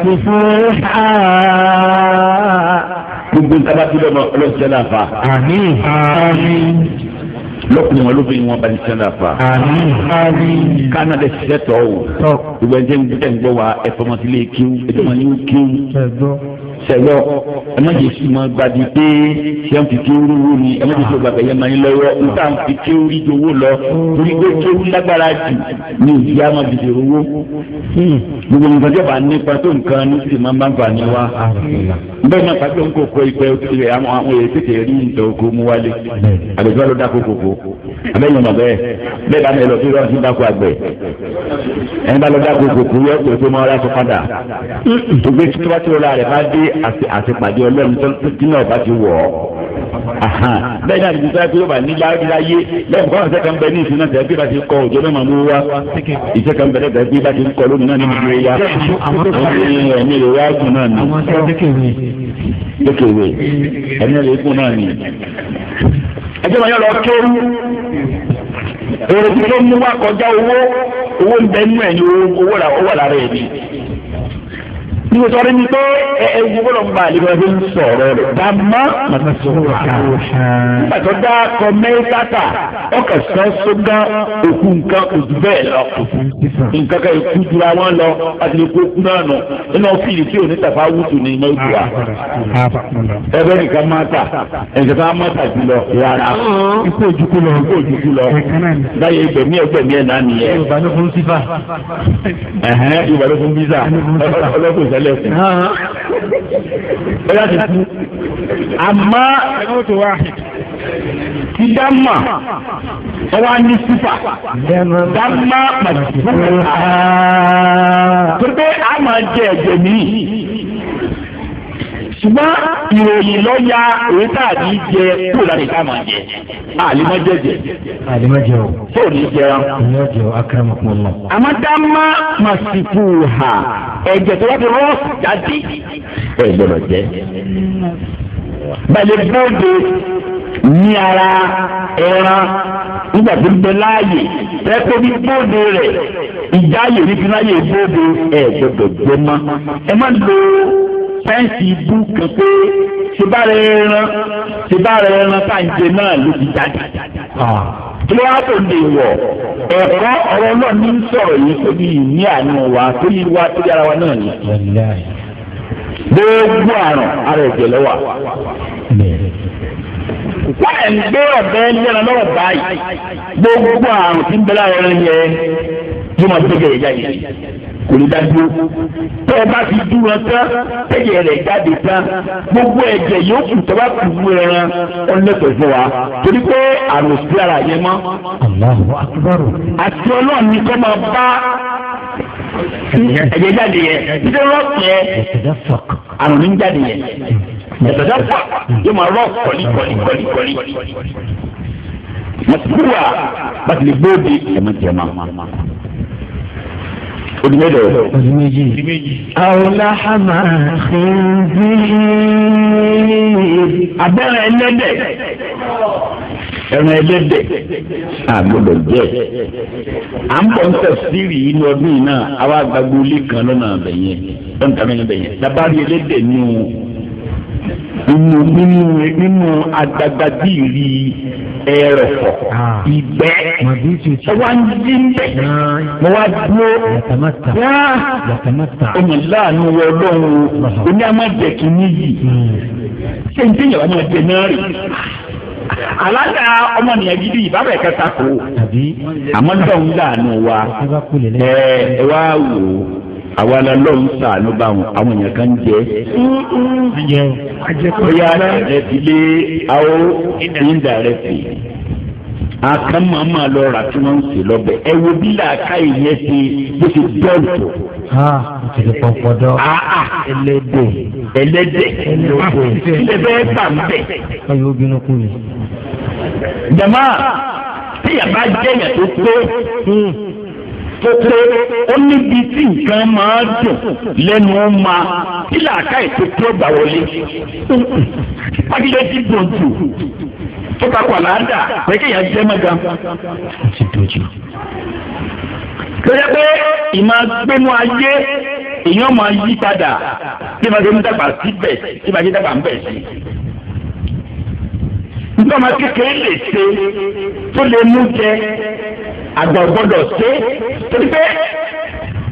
مسفوحا gbogbo ntaba ti lọnà ọlọsẹ náà fa. àmín. àmín. lọkùnrin wọn lóbìnrin wọn balẹ̀ sẹ́nà fa. àmín. àmín. kánà lè ṣiṣẹ́ tọ́ o. gbogbo ẹni ń gbọ́ wa ẹ̀fọ́mọ́sílẹ̀ kíw ẹ̀dọ́mọ́ni kíw sẹgbọ ẹ má jẹ sí ma gbadi pé ṣé n fi kéwúrú wó ni ẹ má jẹ sí ọgbà bẹyẹ máa ń lọ́wọ́ n tà ń fi kéwúrú jowó lọ torí pé kéwúrú lágbára jù ní ìdí àmà bìbè owó hmm. gbogbo nǹkan tí a bá nípa tó nǹkan ní sì máa ń bá ń fà ní wa bẹ́ẹ̀ náà pàṣẹ nǹkan kọ ìpẹ òtítẹ àwọn àwọn èyí tètè rí nǹkan oko mú wálé àgbẹjọ ló dáko kòkó abẹ́yẹn mọ̀ bẹ́ẹ̀ bẹ́ẹ̀ bá mi lọ sí ìrọ̀sí dáko àgbẹ̀ ẹni bá lọ dáko kòkó yọ àtìpàdé ọlọ́run tí náà bá ti wọ̀ ọ́. bẹ́ẹ̀ ni àdìsí sáyẹ́ pé ó bá nílá láyé lẹ́yìn kọ́nà ìṣẹ́ kan bẹ ní ìsinmi náà bí bá ti kọ́ òjò náà máa mú wá ìṣẹ́ kan bẹ lẹ́gbẹ̀ẹ́ bí bá ti kọ́ lónìí náà nínú ìwé ya ẹ̀mí rẹ̀ wá gùn náà ni. lókèwé ẹ̀mí rẹ̀ gùn náà ni. ẹjẹ́ wọn yọ lọ kéwú èrò tí wọ́n mú wá kọjá owó owó ń bẹ nínú ẹ̀yìn owó bí mo sọ̀rọ̀ ni pé ẹ wo bọ́lọ̀ ń bá àlejò ẹgbẹ́ ń sọ̀rọ̀ rẹ̀ dàmọ́ màtàsíwòrán nígbà tó dá akọ mẹ́tàtà ọkọ̀ sọ sódà òkú nǹkan òdù bẹ́ẹ̀ lọ nǹkan ká ikú jura wọn lọ àti ikú kú náà nù nínú fíìlì tí òní tàfà wùtù ní iná ìdùwà ẹgbẹ́ nìkan máa tà ẹ̀ǹkan ká máa tà jùlọ rárá ikú òjúkú lọ ikú òjúkú lọ báyìí ẹgbẹ̀mí ẹgbẹ̀mí ẹ̀ náà nìyẹn. ìbàdàn fún sífà. ìbàdàn fún sífà. ọlọ́kùnrin lẹ́kùn. ó láti kú àmọ́ ti dámà ó wá ní sífà dámà pàtàkì. pé a máa jẹ ẹ̀jẹ̀ mi ṣùgbọ́n ìròyìn lọ ya èyí tá a ní jẹ kó o láti ká máa jẹ àlìmọ́ jẹjẹ. àlìmọ́ jẹ o. tó o ní jẹra. àlìmọ́ jẹ o akérèmọ kún un lọ. àmọ́ dáná màsìkò hà ẹ̀jẹ̀ tó bá ti rọ́ jáde. ẹ gbọ́dọ̀ jẹ. balẹ̀ bóde ní ara ẹran nígbà tó ń bẹ láàyè tẹ́tọ́ ní bóde rẹ̀ ìjáyè ní fi láyè bóde ẹ gbọ́dọ̀ jẹ fẹ́ǹsì ibú kan pé tìbára ẹran tìbára ẹran káńjẹ náà ló ti jáde. Ah. kí ló wá tó lè wọ̀ ẹ̀kọ́ ọ̀rọ̀ náà ní sọ̀rọ̀ yìí kò ní ìní àánú wa tó yí wa tó yára wa náà ni. gbogbo àrùn ara ẹ̀jẹ̀ lọ́wọ́ wọ́n ẹ̀ ń gbé ọ̀bẹ lẹ́ran lọ́wọ́ báyìí gbogbo àrùn tí ń bẹ ẹran yẹn tí wọ́n gbẹ́gẹ̀ rẹ̀ jáde kò lè dájú tẹ́ ẹ bá ti dúró tán tẹ́jẹ̀ rẹ̀ jáde tán gbogbo ẹ̀jẹ̀ yóò kù tó bá kù mú ẹran ọlẹ́pẹ̀ fún wa torí pé àrùn sí ara yẹn mọ́. àti ọlọ́run ni kọ́ máa bá ẹ̀jẹ̀ jáde yẹn títí rọ́ọ̀kẹ́ àrùn ní jáde yẹn ẹ̀sẹ̀ hmm. dáfà yóò máa rọ́ọ̀ kọ́líkọ́líkọ́lí mọ̀tìkúwà bàtìlẹ̀ gbòógì ẹ̀mọ̀tìẹ̀mọ̀ odi mélòó. odi méjì. àwòlá hàmà ṣèǹdí. abẹ́rẹ́ ẹlẹ́dẹ̀ ẹran ẹlẹ́dẹ̀ àgbọ̀dọ̀ jẹ́ à ń bọ̀ ń tẹ̀síìrì inú ọdún yìí náà àwa àgbàgbọ́ ilé kan lọ́nà àbẹ̀yẹn lọ́nà àbẹ̀yẹn lábárí ẹlẹ́dẹ̀ nù nínú nínú nínú agbagbadìrì ẹrọ̀fọ̀ ah. ìgbẹ́ ẹ wá ń jí ń bẹ̀ mo wá dúró ọmọ láàánú wọ ọlọ́run o ní a máa jẹ kí ní yìí hmm. ṣé n tí yàrá máa jẹ náà rè alága ọmọnìyàn gidi ìbára ẹ̀ka ta kò àmọ́ ń dọ̀hún láàánú wa ẹ ẹ wá wò ó àwa la lọ́ọ̀ ń sàánú bá wọn àwọn èèyàn kan jẹ́. bóyá ẹ ti lé àwọn indirectly akan máa máa lọ rà tí wọ́n ń sè lọ́bẹ̀ ẹ wo bí làákà ìyẹn ti bó ti dọ́ọ̀tò. ha o ti di pọ̀npọ̀dọ́. Ah, ah. ẹlẹ́dẹ̀ ẹlẹ́dẹ̀ ẹlẹ́dẹ̀ ilé bẹ́ẹ̀ bà ń bẹ̀. káyọ̀ obìnrin kù mí. jama tíyàbá jẹ́yà tó pé. Hmm tó pé ó níbi tí nǹkan máa dùn lẹ́nu ó máa kí làákà ètò tó gbà wọlé. Pákílẹ̀ ti dùn jù tó ta kọ̀ láàdà pé kéèyàn jẹ́ mẹ́ga. Tọ́jà pé ìmọ̀ gbénu ayé èèyàn máa yí padà bí màá ṣe ń dàgbà síbẹ̀ tí màá dàgbà ń bẹ̀ sí ntọ́mọ kékeré lè ṣe tó lè mú jẹ àgbà gbọ́dọ̀ ṣe torí pé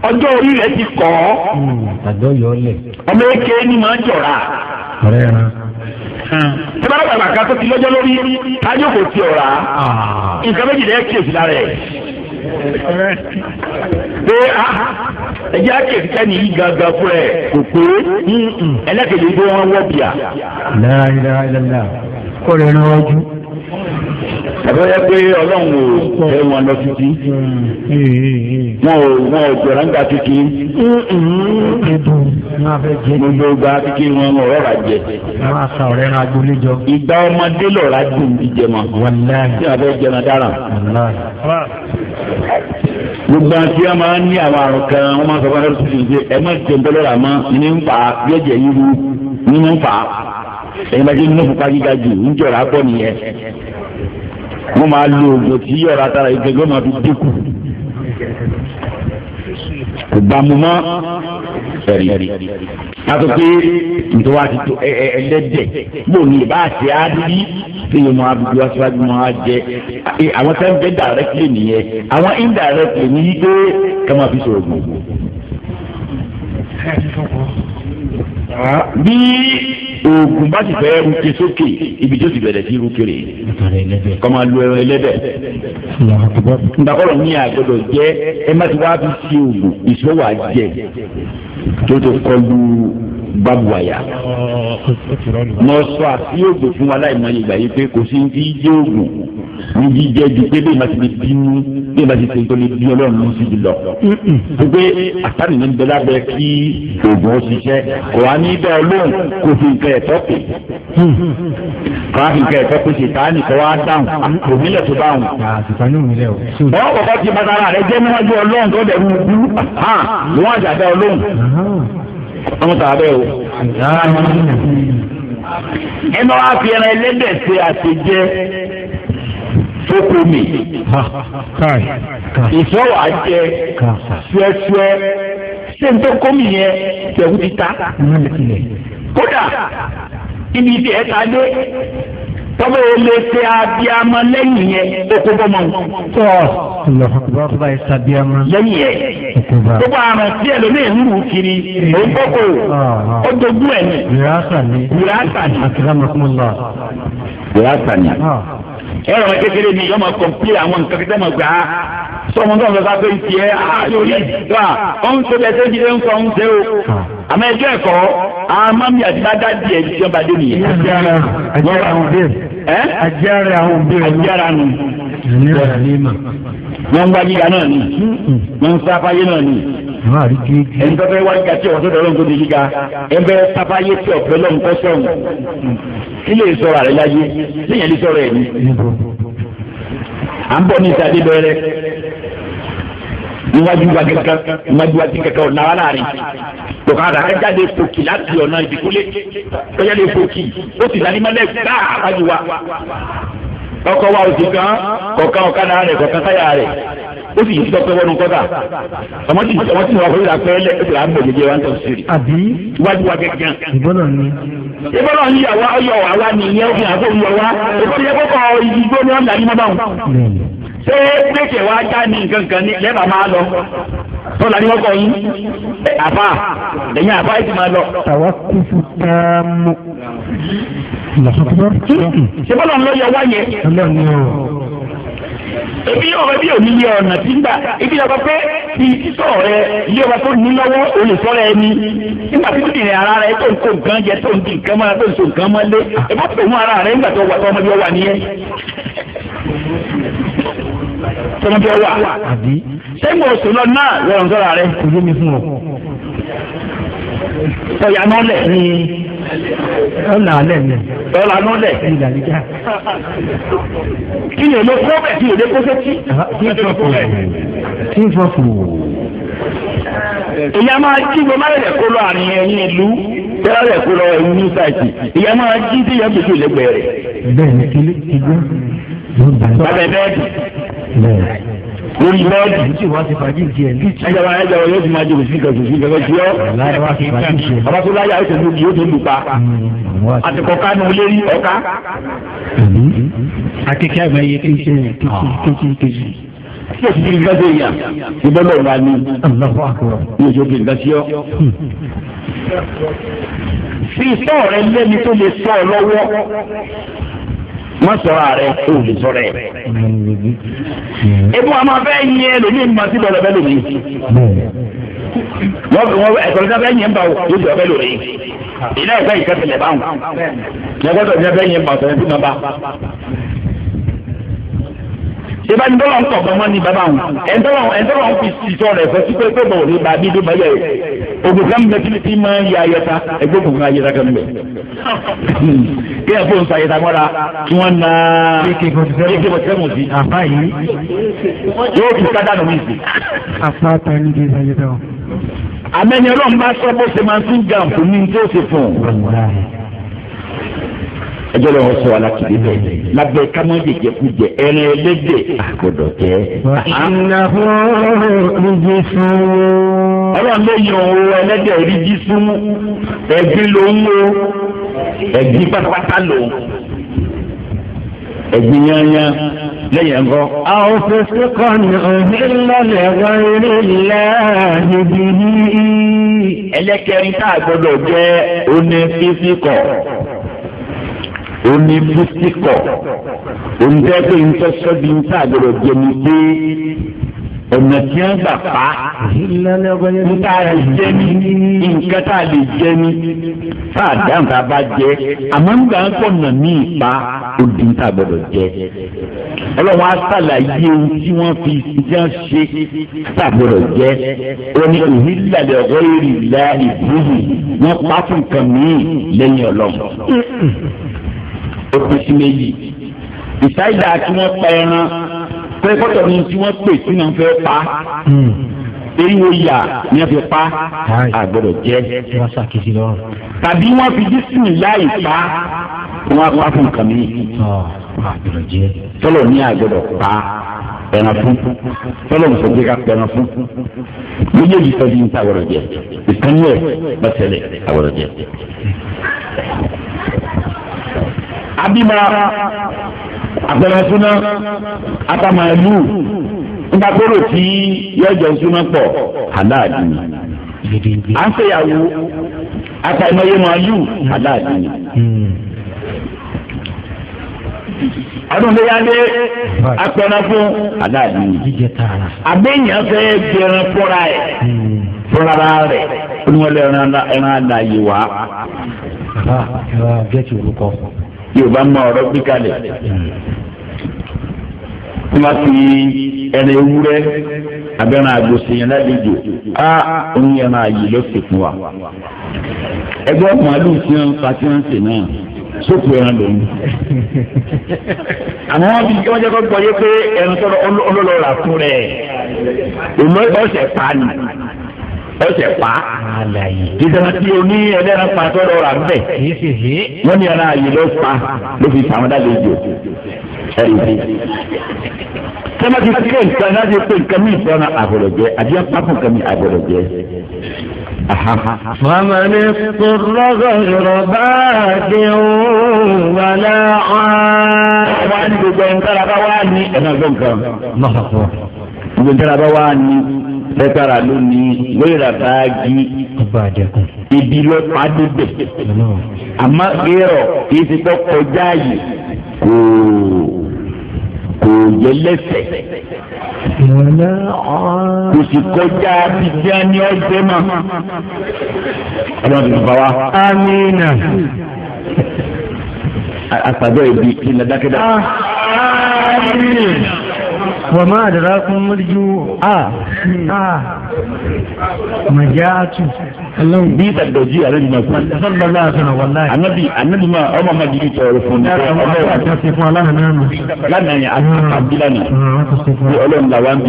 ọjọ́ orí rẹ̀ ti kọ́ ọ́. Hmm, ọmọ eke ni màá jọra. tí bá dàgbà kan tó ti lọ́jọ́ lórí tájú kò ti ọ̀ra ah. nǹkan méjì lẹ́yìn kíyèsí lára ẹ̀. pé ah, ah, ẹjẹ́ àkèsí kẹ́ni yìí gangan fún ẹ̀ kò pé ẹlẹ́kẹ̀lẹ́ bí wọ́n wọ́ bìà. láàrin láàrin láàrin kó lè ràn wájú. àbẹ̀yẹ pé ọlọ́run ò fẹ́ wọn lọ títí wọn ò wọn ò jọ̀rọ̀ ń gba títí gbogbo gba títí wọn ọ̀rọ̀ rà jẹ. wọn á sa ọ̀rẹ́ ra gbolé jọ. ìgbà ọmọdé lọ́ọ́ ra dùn ìjẹmọ̀ tí wọn fẹ́ jẹun dára gbogbo àti ọmọ ní àwọn àrùn kan wọn máa sọ fún ẹgbẹ́ tuntun ṣe ẹ má jẹun tó lọ́ra mọ́ ní ń fà á bí ẹ̀jẹ̀ yìí ru ní ń fà á ẹ̀yin bá jẹ́ nínú pupa gíga jù ń jọ̀rọ̀ abọ́ nìyẹn wọ́n máa lo oògùn tí yọ̀rọ̀ atara ìgbẹ́gbẹ́ máa fi dínkù kò bá mu mọ́ ẹ̀rí látọ̀ pé nítorí wàá ti tó ẹlẹ́dẹ̀ gbòò ní ìbá àti àdìrí tí yóò máa bí wá síwájú máa jẹ àwọn sẹ́ńtẹ́ bẹ́ẹ̀ dàrẹ́kìlì nìyẹn àwọn indirẹ́kìlì ní yí pé ká máa fi sọ̀rọ̀ gbòògbò. bí oògùn bá ti fẹ́ ruke sókè ibi tó ti bẹ̀rẹ̀ sí ruke rè kọ́ máa lu ẹran ẹlẹ́dẹ̀. ndakọ́rọ̀ ní àgbọ̀dọ̀ jẹ́ ẹ má ti wá fi ṣe oògùn ìṣòwò àjẹ tó tó kọlu gbàgbọ́yà. mo sọ àti oògùn fún wa láì mọ ìgbà yìí pé kò sí ní jíjẹ́ oògùn ní jíjẹ́ ju pé bẹ́ẹ̀ bá ti lè bínú bẹ́ẹ̀ bá ti ṣe nítorí bí ọlọ́run ló ti lọ. pé àtàlù ní bẹ́ẹ̀ lábẹ́ kí oògùn ó ṣiṣẹ́ kò wá ní bẹ́ẹ̀ olóhùn kò fi nǹkan ẹ̀tọ́ pè. kò wá fi nǹkan ẹ̀tọ́ pè ṣe tá nìkan wá dáhùn kò nílẹ̀ tó dáhùn. wọ́n kọ̀kọ́ ti bàtà rẹ̀ jẹ́ níwájú ọlọ́run tó dẹ̀ wù ú wọ́n àjàdá ọlọ́run ọmọ tàwa bẹ́ẹ̀ o. ẹ máa wá fi ẹran ẹlẹ́dẹ̀ ṣe àtẹ̀jẹ fókó mi. ìfẹ́ wàá jẹ fẹ́fẹ́ ṣé n tó kó mi yẹn tẹ̀wú ti ta. kódà ibi tí ẹ ta dé tọ́bọ̀ yẹn lè ṣe abiyamọ lẹ́yìn yẹn oko bọ́mọ. tọ́ ọlọ́kùnrin tó bá yẹ sábíyamọ. lẹ́yìn yẹn gbogbo àrùn tí ẹ lómi ń rù kiri ó kókó ah, ah. ó dogun ẹ̀ ní. wìrà sani. wìrà sani. àkìlá mọ̀kúnmọ́ lọ. sani ẹ̀rọ ọmọ kékeré mi yọmọ kọ̀m̀pìlì àwọn nǹkan kí sẹ́mọ̀ gbà á sọmọ tó ń sọ sáfẹ́ tiẹ̀ àjòyè gbà ọ̀n tó bẹ sẹ́yìn jíde ń sọ ń sẹ́ o ah. àmọ́ ẹjọ́ ẹ̀kọ́ àmàmì àti bá dáàdì ẹ̀ ti jọba dé nìyẹn. àjẹrẹ àwọn òbí rẹ àjẹrẹ àwọn òbí rẹ àjẹrẹ àánú. wọ́n ń wá yíga náà ni wọ́n ń sáfáyé náà ni ẹni tó fẹ́ wá yíga tí ọ̀sọ́dọ̀ ọlọ́run tó di yíga ẹ bẹ́ẹ̀ sáfáyé tí ilé ìsọ̀rọ̀ àrẹ láyé lẹ́yìn ẹni sọ̀rọ̀ à ń bọ̀ ní ìsàdé bẹ̀rẹ̀ níwájú wa níwájú wa ọ̀nà wa láàrin rà láti ọ̀nà ìdíkúlé ó jáde ó sì dání mọ́lẹ̀ gbáà wa wa ò kọ̀ọ̀kan ọ̀kadà rẹ̀ kọ̀ọ̀kan rẹ̀. ó sì yí sí dọ́pẹ́ wọnú kọ́tà ọmọ tí ọmọ tí ìwà fúnra pẹ́ lẹ́ ètò àmì òjijì wa ń tọ́ sí i. àbí iwájú wa gẹ́gẹ́. ìbọ́lọ̀ ni. ìbọ́lọ̀ ni yàwá ọyọ àwa ni ìyẹn òfin àgọ́ òyọ wa èkó yẹ kókò ìdìgbò ni wọ́n dàní mọ́bà wọn. ṣé pékè wa já ní nǹkan kan ní lẹ́bàá máa lọ tọ́lá ni wọ́n kọ́ yín àbá lẹ́yìn àbá yìí ti máa lọ. àwa kú fún táàmù ebi ọba bí òní yẹ ọ̀nà tí ń gbà ibi yàgbọ́ pé ti sísọ rẹ ilé ọba tó ní lọ́wọ́ olùsọ́rọ̀ ẹni nígbà tí tìrìn ara rẹ tó ń kó nǹkan jẹ tó ń di nǹkan mọ́ra tó ń so nǹkan mọ́lé ebó tó mú ara rẹ nígbà tó wà tó ọmọdé ọwà nìyẹn tọmọdé ọwà sẹ́yìn oṣù lọ náà lọ́rọ̀ ń sọ́ra rẹ. ọ̀yà náà lẹ̀ ní. ọ̀là alẹ́ mi. ọ̀là náà lẹ̀. ìlà níjà. kí ni èlò kó bẹ̀ kí èlò kó sẹ́tì. kí n fọ́ fún ìyá máa jí gbọmọ rẹ̀ kó lọ àárín ẹ̀yìn ìlú tẹ́lá rẹ̀ kó lọ ẹ̀yìn ní sáìtì ìyá máa jí tí ìyá gbèsè lẹ́gbẹ̀ẹ́ rẹ̀. bẹ́ẹ̀ ni kí ló ti gbọ́. bàbá ẹ̀ bẹ́ẹ̀ lórí bẹ́ẹ̀dì. ẹjọba ẹjọba yóò ti máa jẹ òsì kan òsì kan sí ọ. bàbá tó láyà ó ti lu kí ó ti lu pa. Hmm, àtìkọ kánú lérí ọ̀ka. akẹ́kẹ́ àgbà yẹ kí n ṣe kéjì. tí o ti di nǹkan tó yà ìbọn lọ́wọ́ wa ni. ní o kí nǹkan sí ọ. Hmm. fi sọ̀rọ̀ ẹ lẹ́ni tó lè sọ ọ lọ́wọ́ má sọ̀rọ̀ ààrẹ o lè sọ̀rọ̀ ẹ̀. ebi wọn máa fẹ́ yin ẹ lómi ma ti lọ́lọ́ bẹ́ẹ̀ lómi. wọ́n ẹ̀kọ́ nígbà fẹ́ yin ń bá o yóò sọ̀rọ̀ bẹ́ẹ̀ lómi. ilé ẹ̀fẹ́ yìí kẹ́sìlẹ̀ báwọn. ẹ̀kọ́ tó ní ẹ̀fẹ́ yin ń bá o sọ̀rọ̀ bí ma bá ìbá ní dọ́là ń tọ̀ gan mọ́ ní bàbá wọn ẹ̀ńtọ́lọ̀ ẹ̀ńtọ́lọ̀ ń fi ìṣọ́ rẹ̀ fẹ́ sí pé pé bọ̀ ní bàbí ló bá yẹ ògùn kan bẹ kíni tí máa ń ya ayẹta ẹgbẹ́ ògùn kan ayẹta kan bẹ. kí ẹ fóun sàyẹta mọ́ra kí wọ́n na kéèké bọ̀tí sẹ́mu sí. àbá yìí. yóò fi sádà nù mí sí. àpá ta ni kí n sàyẹta o. àmẹ́ni ọlọ́run bá sọ bó ṣe máa ń ẹjọ́ lọ́wọ́ sọ alákìlẹ̀ bẹ́ẹ̀ lábẹ́ kámọ́jì jẹkújẹ ẹran ẹlẹ́dẹ̀ àgbọ̀dọ̀ jẹ́. ìnáwó rígi fún un. ọlọ́run lè yan owó ẹlẹ́dẹ̀ rígi fún ẹ̀gbin ló ń wo ẹ̀gbin pátápátá lò ẹ̀gbin yányá lẹ́yìn ẹ̀ńgọ́. a ò fẹsẹ̀ kọ́ ni òhìn lọ́lẹ̀ wáyé láàyè bìí. ẹlẹ́kẹrin tá a gbọ́dọ̀ jẹ́ oní fífíkọ̀ oní fisikọ onídẹ́gbẹ́ ntọ́sọ́bí ntá àgbẹ̀rẹ̀ jẹni pé ọ̀nà tí wọ́n gbà pa nta rẹ̀ jẹni nǹkan tá a lè jẹni tá a dá nǹkan bá pa odi nta gbọ́dọ̀ jẹ ọlọ́run á sàlàyé ohun tí wọ́n fi ṣiṣẹ́ ṣe tá a gbọ́dọ̀ jẹ wọ́n ní òhìlàlẹ̀ ọ̀rẹ́ ìrìlá ìbúrú wọ́n pa fún nǹkan mí ó pín sí méjì ìsáìdà tí wọ́n pa ẹran pé kọ́tọ̀ ni tí wọ́n pè tí wọ́n fẹ́ pa hmm. eriwo yà ni wọ́n fi pa àgbọ́dọ̀ jẹ́ tàbí wọ́n fi dísìn láì pa wọ́n á pa fún nǹkan mi tọ́lọ̀ ní àgbọ́dọ̀ pa pẹ̀ràn fún tọ́lọ́mù sọ̀gbẹ́ ká pẹ̀ràn fún méjèèjì sọ́jú ní tàwọ̀rọ̀ jẹ ìkànnì ẹ̀ lọ́sẹ̀lẹ̀ àwọ̀rọ̀ jẹ. abima àpẹẹrẹ súná atamàlú nígbà tó rò tí yọjọ súná pọ̀ aláàdì ni à ń ṣèyàwó àtàìmọye màálù aláàdì ni ọdún tó yáde apẹ̀rẹ̀ fún aláàdì ni àbẹ̀yìn fẹ́ gbẹ̀rẹ̀ fúnra ẹran yorùbá mọ ọ̀rọ̀ gbé kalẹ̀ tí wọn fi ẹni ewúrẹ́ abẹ́rẹ́ àgùsì yẹn lálejò á òun yẹn máa yí lọ́sẹ̀ fún wa ẹgbẹ́ màálù tí wọn fa tí wọn sè náà sókù ẹran lòun àmọ́ wọn bí wọn jẹ kó gbọ́ yé pé ẹran tọrọ ọlọlọ rà fún rẹ òun ọsẹ pa ni ọ̀sẹ̀ pa ìṣẹ̀lẹ̀ tí o ní ẹlẹ́ran pa tọ́lọ̀ rà ń bẹ̀ wọ́n ní ara àyè ló pa ló fi tàwọn dálejò ẹ̀rì bí. sẹ́mi ti pè nǹkan láti pè nǹkan mí ìtọ́nà àbọ̀lọ̀jẹ́ àbí apákùn kan mí àbọ̀lọ̀jẹ́. فمن اضطر غير باغ ولا عاد. wọ́n á ní gbogbo ẹ̀ńtàlábá wá ní. ẹ̀ńtàlábá wá ní fẹ́kàrà ló ní wéèrà báàgì ibi ló pàdé bẹ̀ àmọ́ gẹ́rọ̀ kìí ti tọ́ kọjá yìí kò kò yẹ lẹ́sẹ̀ kò sì kọjá bíbíà ní ọjọ́ mọ́ ọlọ́run ti bá wa. amiina. àpàdé ibi ìlànà dákẹ́dá. Ah, amiina wọ́n máa dàrá fún mọ́lẹ́jú a a màjáàtù. bí ìtàgọ̀jì àlẹ́ ni màá fún un. sọ́dọ̀ bá a sọ̀rọ̀ wàlá. anabi anabi ma ọmọ ma digi tọrọ fún un. ọmọ wa ti ṣe fún aláhàn náà nù. lánàá yẹn àti àbí lánàá. bí ọlọ́run là wá ń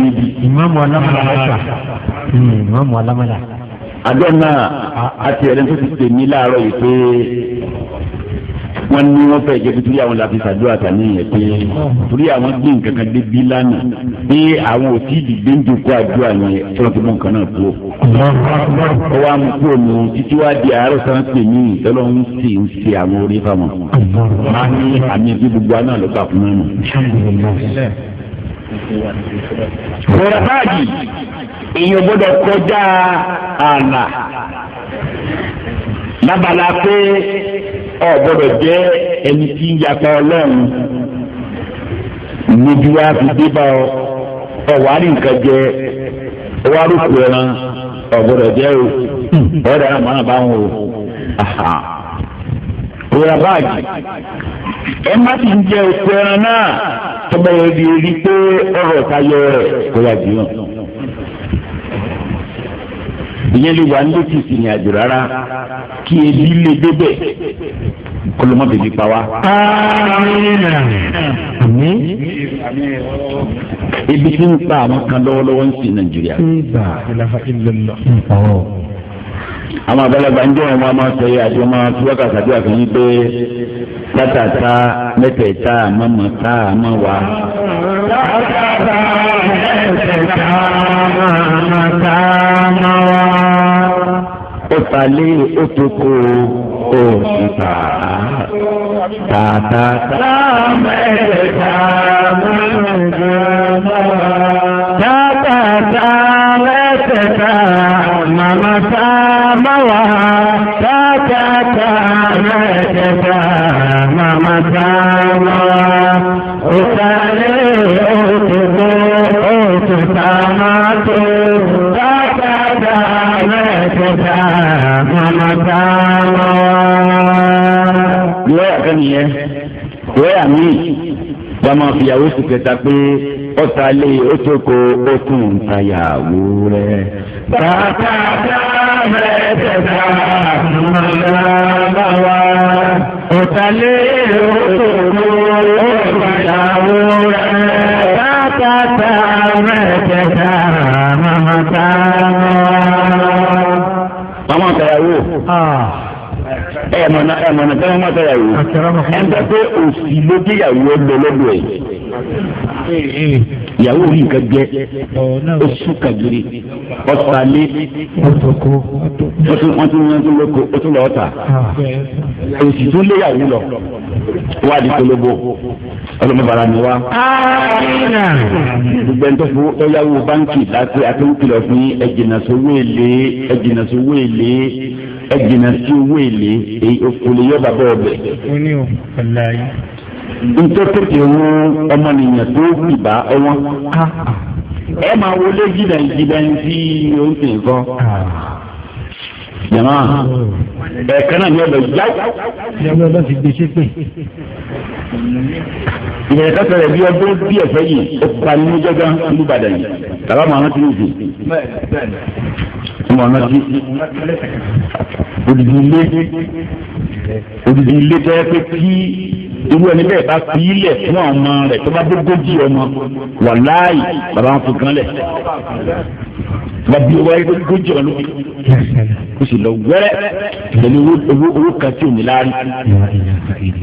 bí wọ́n ní wọ́n fẹ́ jẹ́ tuntun yàwọn láti ṣàdúrà tàní yẹn pé torí àwọn gbé nǹkan kan débi lánàá pé àwọn ò tí ì dìgbé ń dùn kó àdúrà yẹn tí wọ́n ti mú nǹkan náà kú. ó wá mú kúrò ní títí wá di àárọ̀ sáà pè mí ń sì ń ṣe àwọn orí fáwọn. a ní àmì ẹbí gbogbo aná ló bá fún mi. bọ̀dà báàgì èèyàn gbọ́dọ̀ kọjá ààlà lábala pé ọ gbọ́dọ̀ jẹ́ ẹni tí ń yàtọ̀ Ọlọ́run lójú wa fi dé bá ọ ọ wà á rí nǹkan jẹ ọ wà á rúkú ẹran ọ gbọ́dọ̀ jẹ o ọ dára màá bá wọn o rẹ báàgì ẹ má ti ń jẹ òkú ẹran náà tọ́gbà yẹn di rí pé ọ̀rọ̀ ta yọ rẹ̀ kó yà jù náà ìyẹn lè wà létí ìsìn àjò rárá kí ebi lè débẹ̀ kọlọmọ bèbí pa wá. ebi tí ń pa àwọn kan lọ́wọ́lọ́wọ́ ń sin nàìjíríà. àwọn àgbàlagbà ń jẹ́ wọn máa sọ yìí àti wọn máa fi wákàtí àti àfi yín pé látàtà mẹ́tẹ̀ẹ̀ta àmọ́mọ́ tá àmọ́ wá. látàtà mẹ́tẹ̀ẹ̀ta àmọ́mọ́ tá ó ta lé ó tó kó o ò sì tà á. Tàtà táàmù ẹ̀ táàmù ìjọba. Tàtà táàmù ẹ̀ tẹ̀ka màmá táàmù. wẹ́yà mi wọ́n máa fi ìyàwó sì kẹta pé ó ta lé ó tó ko ó tún ń ta ìyàwó rẹ̀. bàbá rẹ̀ tẹ̀sà ńlá wa ó lé ó tó ko ó tún ń ta bàbá wa. mama ta ìyàwó. Ah ẹ̀mọ̀nà ẹ̀mọ̀nà tẹ́wọ́n mọ́tò yàwó ẹ̀ ń tẹ́ pé òsì ló dé ẹ̀ gbẹ ẹ̀ ìyàwó yìí nǹkan jẹ oṣù kagiri ọ̀sálẹ̀ wọ́n tún wọ́n tún lóko ó tún lọ́ọ́ ta òsì tún léyàwó lọ wá di polówó ọlọ́mọbara ni wá. gbogbo ẹni tó fún ọyáwó báńkì láti akéwìkìlọ̀ fún ẹ̀jìnà sówó èlé ẹ̀jìnà sówó èlé ẹ̀jìnà sí owó èlé òkùnrin yọba bọ́ọ̀ bẹ̀ ntọ́tẹ̀tẹ̀ wọn ọmọnìyàn tó gbìbá ọwọ́n ká ah. ẹ máa wọlé jìdánjìdá tí ó ń sìn kọ́. jama ẹ̀ẹ̀kan náà ni ọ̀dọ̀ jáù. ìyàwó ọlọ́run ti gbé ṣépè. ìyẹn kásán rẹ̀ bí ọdún díẹ̀ sẹ́yìn ó pa nínú jọ́gá nìbàdàn yìí bàbá màmá ti ń sìn. màmá ti odidi ilé odidi ilé tẹ́ pé kí irú ẹni bẹ́ẹ̀ bá fi ilẹ̀ fún àwọn ọmọ rẹ̀ tó bá dógójì ọmọ wàláì bàbá wọn fi gan lẹ̀ wà bí owó ayé dógójì ọmọ lóbi kò sì lọ wẹ́rẹ́ pẹ̀lú owó owó kan tí ò ní láàrin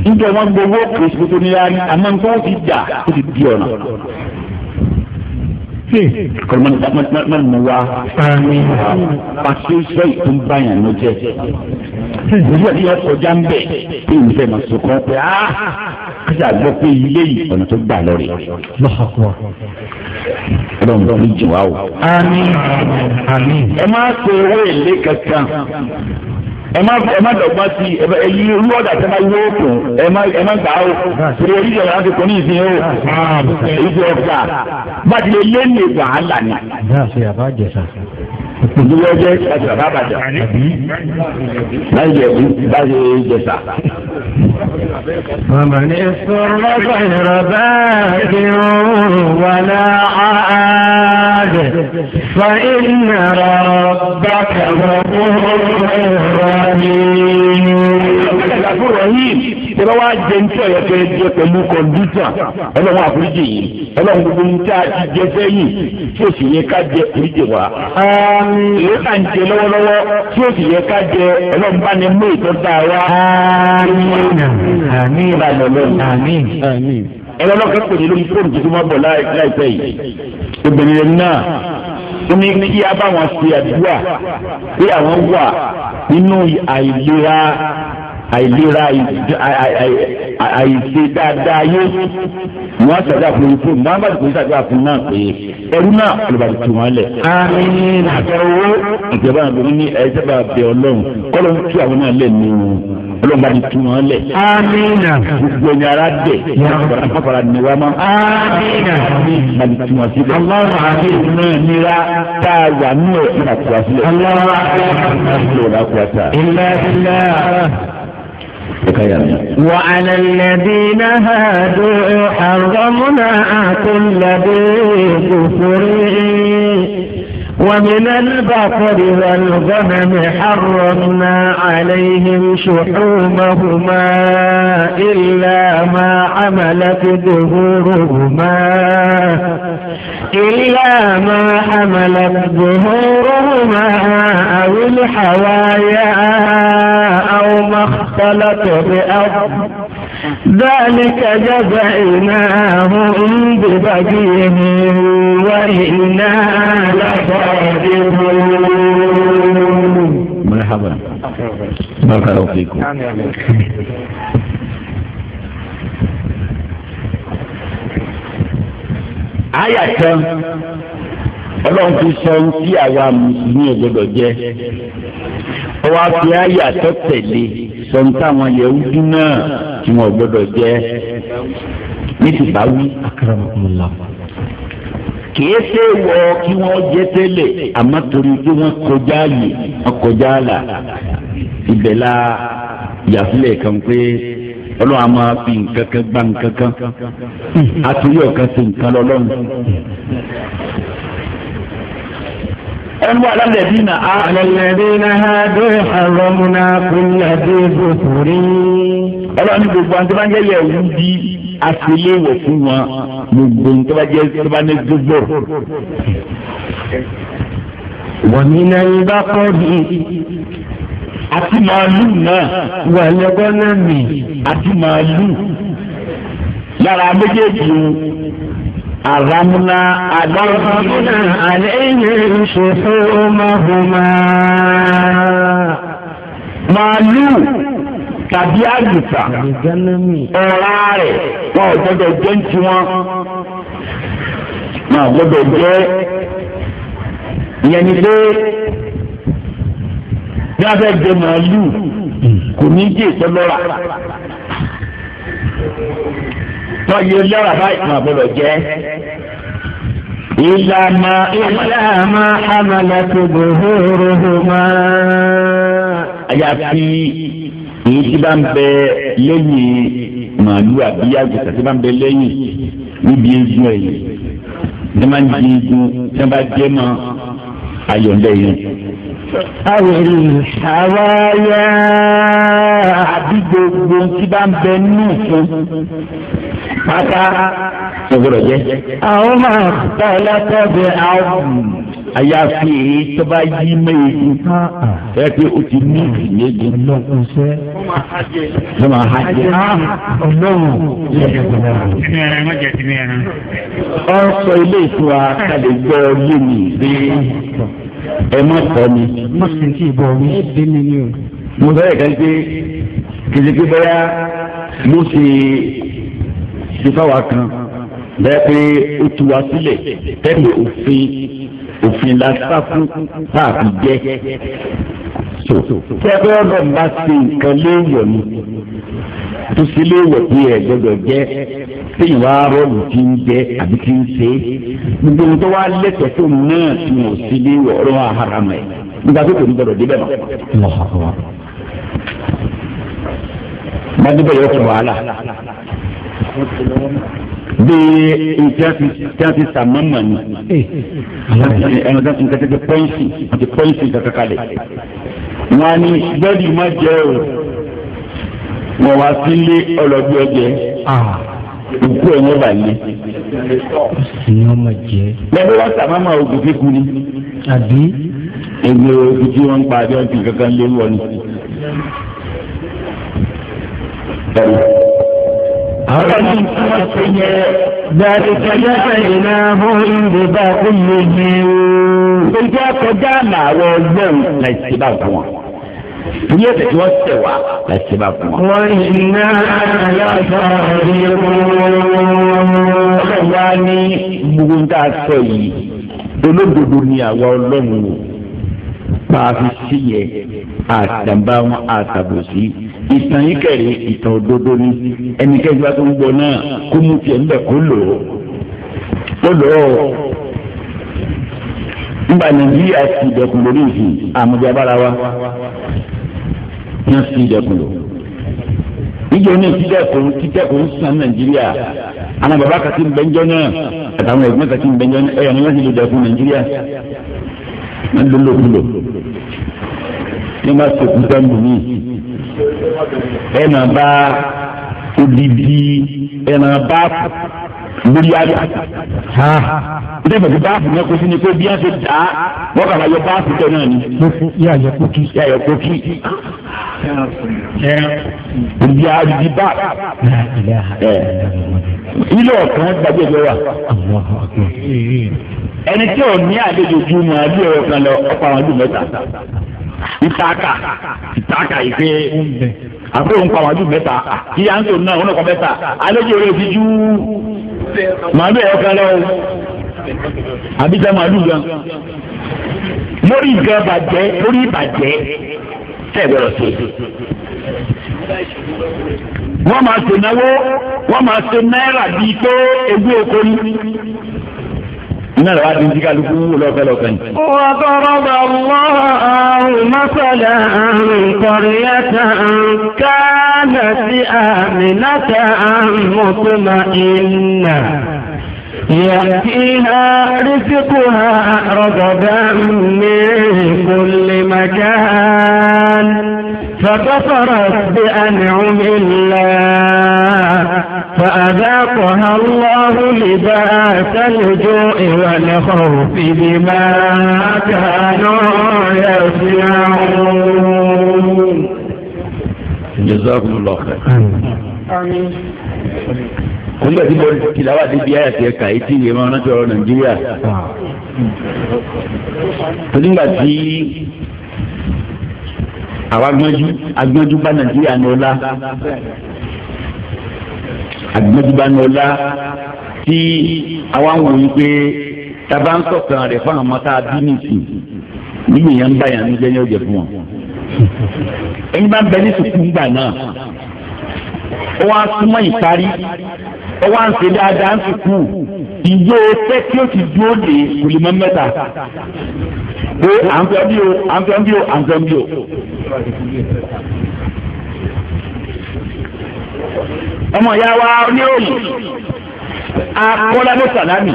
nígbà wọn gbowó kò sí kótó ní láàrin àmọ́ nǹkan ó ti dà ó ti di ọ̀nà kọlọmọdé mọ wa pàṣẹ iṣẹ́ ìtún báyà ló jẹ nígbà tí yọ kọjá ń bẹ tí n fẹ́ máa sọkọ pé a ah! kájà gbọ́ pé ilé yìí ọ̀nà tó gbà lọ rẹ̀. ọlọ́run tó ń jù wá o. ẹ má ṣe owó èlé kankan ẹ má ẹ má dọ̀gba sí ẹ bẹ ẹyí irú ọ̀dà tẹ́ ma yó kùn ẹ má ẹ má gbà ó torí orí ìjọba láti kún ní ìsìn ó ìjọ ọ̀gá bàtí lè lé ní wàhálà ni. ìdílé jẹ́ láti bàbá àbàjá láti jẹ láti jẹsà. Màmàní sọ̀rọ̀ bàyìí rọ̀ bá a kí wọ́n wà náà فإن ربك غفور رحيم غفور رحيم tẹ́lẹ̀ wá jẹ ní tí ọ̀yọ́ fẹ́ jẹ pẹ̀lú kọ̀ǹdútà ọlọ́run àforíjì yìí ọlọ́run gbogbo ní tá a ti jẹ sẹ́yìn tí ó sì yẹ ká jẹ àforíjì wa. èyí kà ń jẹ lọ́wọ́lọ́wọ́ tí ó sì yẹ ká jẹ ọlọ́run bá ní mú ìtọ́ta wa. àmín àmín àmín. ẹ̀rọ ọlọ́kẹ́ pè ní lórí bọ̀ láìpẹ́ yìí obìnrin náà ó ní kí a bá wọn ṣe àdúrà pé àwọn wà nínú àìlera àìlera àìṣe dáadáa yé wọn ṣàdúrà fún ikú muhammed kò ṣàdúrà fún náà pé ẹrú náà olùbàdì tù wọn lẹ. àmín àtẹwọ́ ìjọba àbẹ̀wò ní ẹ̀ẹ́dẹ́gbà bẹ̀ ọlọ́run kọ́lọ́run tú àwọn náà lẹ̀ nínú ọlọ́run bá ní tu wọn lẹ̀. amina. gbogbo ẹni ara dẹ̀ kọ́kọ́rọ́ ni wá mọ́. amina. bá ní tu wọn sílẹ̀. aláwọ̀ àti náà nira tá a wà nù ẹ̀ kí n kura sílẹ̀. aláwọ̀ àti náà nira kura ta. ilé ilé. وعلى الذين هادوا حرمنا كل ذي كفر ومن البقر والغنم حرمنا عليهم شحومهما إلا ما عملت ظهورهما إلا ما حملت ظهورهما أو الحوايا أو ما اختلط بأرض ذلك جزيناه ببغيهم وإنا لصادقون مرحبا بارك الله فيكم آية ọlọ́run ti sọ ohun tí àwa ní ògbọ́dọ̀ jẹ́ ọwọ́ afi àyà tó tẹ̀lé sọ ohun táwọn yẹ̀wùdú náà tí wọn ògbọ́dọ̀ jẹ́ ní ti bá wí. kìí ṣe wọ kí wọ́n jẹ́ tẹ́lẹ̀ àmọ́ torí pé wọ́n kọjá yìí wọ́n kọjá là ibẹ̀ la yàtúlẹ̀ kan pé ọlọ́run a máa fi nǹkan kan gbá nǹkan kan àtúnyọ̀ hmm. kan sí nǹkan lọ́lọ́run ẹnu wà lálẹ́ bí nà á. àlẹ́lẹ́ bí nà á dé àrọ́múná kúlẹ̀ dé bòtòrí. ọlọ́run ní gbogbo àwọn tó bá ń jẹ́ yẹ̀wù di àtìléwọ̀ fún wọn gbogbo tó bá jẹ́ tó ní gbogbo. wọ́n ní náà ń bá kọ́ bí àti màálù náà. wà lẹ́gbọ́n náà mi. àti màálù. lára méjèèjì o. أغمنا أدرنا عليهم شحومهما màálù tàbí àgùtà ọ̀rá rẹ̀ wọn ò gbọ́dọ̀ jẹ́ ń tiwọn wọn ò gbọ́dọ̀ jẹ́ ìyẹn ni pé bí wọ́n fẹ́ jẹ màálù kò ní jẹ́ ìtọ́lọ́ra wọ́n yẹ lọ́ra báyìí kan àbọ̀lọ̀ jẹ́. ìlànà ìlànà amalẹ̀kọ̀ gbòòrò máa. àyàfi èyí tí bá ń bẹ lẹ́yìn màálù àbí àgùntàn bá ń bẹ lẹ́yìn níbi egun ẹ̀yìn tí wọ́n máa ń di egun tí wọ́n bá jẹ́ mọ́ ayọ̀lẹ̀ yẹn. Àwòrán ìṣàwáyà àbí gbogbo tí bá ń bẹ nínú fún pátá gbọ́dọ̀ jẹ́. àwọn máa bá ọ látọ̀bẹ àwọn àyàfi èyí tó bá yí méjì ẹ pé o ti ní ìyéjì. ló máa ha jẹ. ọlọ́run ọ sọ ilé ìtura kálí gbọ́ yé mi rí ẹ má sọ mi. má sì ń kí ìbọn mi. mo sọ yẹ kẹ́ńté kìsìkì bẹ́yà mo sì ṣe fáwa kan bẹ́ẹ̀ pé ó tu wa sílẹ̀ tẹ́lẹ̀ òfin òfin la sá fún táàbí jẹ́ tẹ́gbẹ́ ọ̀rọ̀ bá ṣe nǹkan léèyàn ni tó ṣe léèyàn bí ẹ̀ gbọ́dọ̀ jẹ́ téèyàn wá rọ́ọ̀lù tí ń jẹ́ àbí tí ń ṣe gbogbo ohun tó wá lẹ́tọ̀ọ́ tó náà tí wọ́n ṣe léèyàn ọ̀rọ̀ àhàràmọ̀ ẹ̀ nígbà tó kò ní gbọ́dọ̀ débẹ̀ mọ́. bá débẹ̀ yóò fún wàhálà bí tí a ti sà mọ́mọ́ ni ẹnu tó ń kẹ́tẹ́ pé pọ́ǹsì àti pọ́ǹsì kankan kalẹ̀ wọn á ní bẹ́ẹ̀ni má jẹ́ o wọn wá sílé ọlọ́bí ọjẹ́ ah. òkú ẹ̀ wọ́n bá lé. lẹ́gbẹ́ wá sà mọ́mọ́ ogun kíkún ni. àbí. ẹgbẹ́ ogun tí wọ́n ń pa àbí ọ̀sìn kankan lé wọ́n ni ọlọ́run tí wọ́n ti yẹ gbàdúgbà yàtọ̀ ìlà ọ̀hún ìdìbò àkúnyè ni o. ìjọ kọjá làwọn ọgbọ́n láì sí bá fún wọn. Ní ẹ̀sẹ̀ tí wọ́n tẹ̀ wá láti ṣe bá fún wọn. Wọ́n iná aláṣọ ìlú ìtàn yìí kẹrì ìtàn òdodo ni ẹnikẹ́ni bá tó ń gbọ́ náà kó mú tiẹ̀ ńbẹ kó lò ó ó lò ó nígbà nàìjíríà ti dẹkùn lórí ìsìn àmújábára wa yẹn ti dẹkùn lò níjọ ní títẹ̀kùn títẹ̀kùn sàn nàìjíríà àwọn bàbá kàtí ń bẹ́njọ́ náà àtàwọn ẹ̀gbọ́n kàtí ń bẹ́njọ́ náà ẹ̀yàn láti lè dẹkùn nàìjíríà wọ́n lò ní wọ́n bá sèkú sẹ́ńdù míì ẹ máa bá odidi ẹ máa bá lórí ayé ha ilé ìfẹ̀sí báàfù náà kó sí ni pé bí wọ́n ṣe dá wọ́n kà máa yọ báàfù tẹ̀ náà ni. yà yẹ kókì. yà yẹ kókì. ìdí àdìdí báàfù. ilé ọ̀kan gbàgbé ìjọ wa. ẹni tí ò ní àlejò ju màálù ẹ̀rọ kan lọ ọ̀pọ̀ àwọn ọdún mẹ́ta ìtaaka ìtaaka yìí pé àbúrò ń pa wájú mẹ́ta kí á ń tò náà ọ̀nà kan mẹ́ta alẹ́jọ́ rẹ̀ fi jú màálù ẹ̀ kan lọ́wọ́ àbíjà màálù gan lórí gan bàjẹ́ lórí ìbàjẹ́ tẹ̀ gbọ́dọ̀ sí wọ́n máa ṣe náwó wọ́n máa ṣe náírà bíi pé ewé oko نلعب نجيك على وضرب الله مثلا قرية كانت آمنة مطمئنة يأتيها رزقها رغبا من كل مكان فكفرت بأنعم الله فأذاقها الله لباس الجوع والخوف بما كانوا يصنعون جزاكم الله خير آمين nígbà tí mo kìláwà débi àyàtì ẹ̀ka yìí tí ìwé máa ń àwa gbọ́njú agbọ́njú bá nàìjíríà ní ọlá agbọ́njú bá ní ọlá tí àwa ń wò yí pé taba ń sọ̀kan rẹ̀ fún àwọn tá a bí nìsí nígbìyànjú báyà ní jẹ́ ní ọjọ́ fún wọn. ẹni bá ń bẹ ní sùkúù gbà náà ó wá súnmọ́ ìparí ó wá ń ṣe dáadáa ń fi kú ìjó tẹ́ tí ó ti dúró de kùlìmọ́ mẹ́ta pé à ń fẹ́ bí o à ń fẹ́ bí o à ń fẹ́ bí o. ọmọ ìyá wa ní òòlù akọ́lábó sàlámì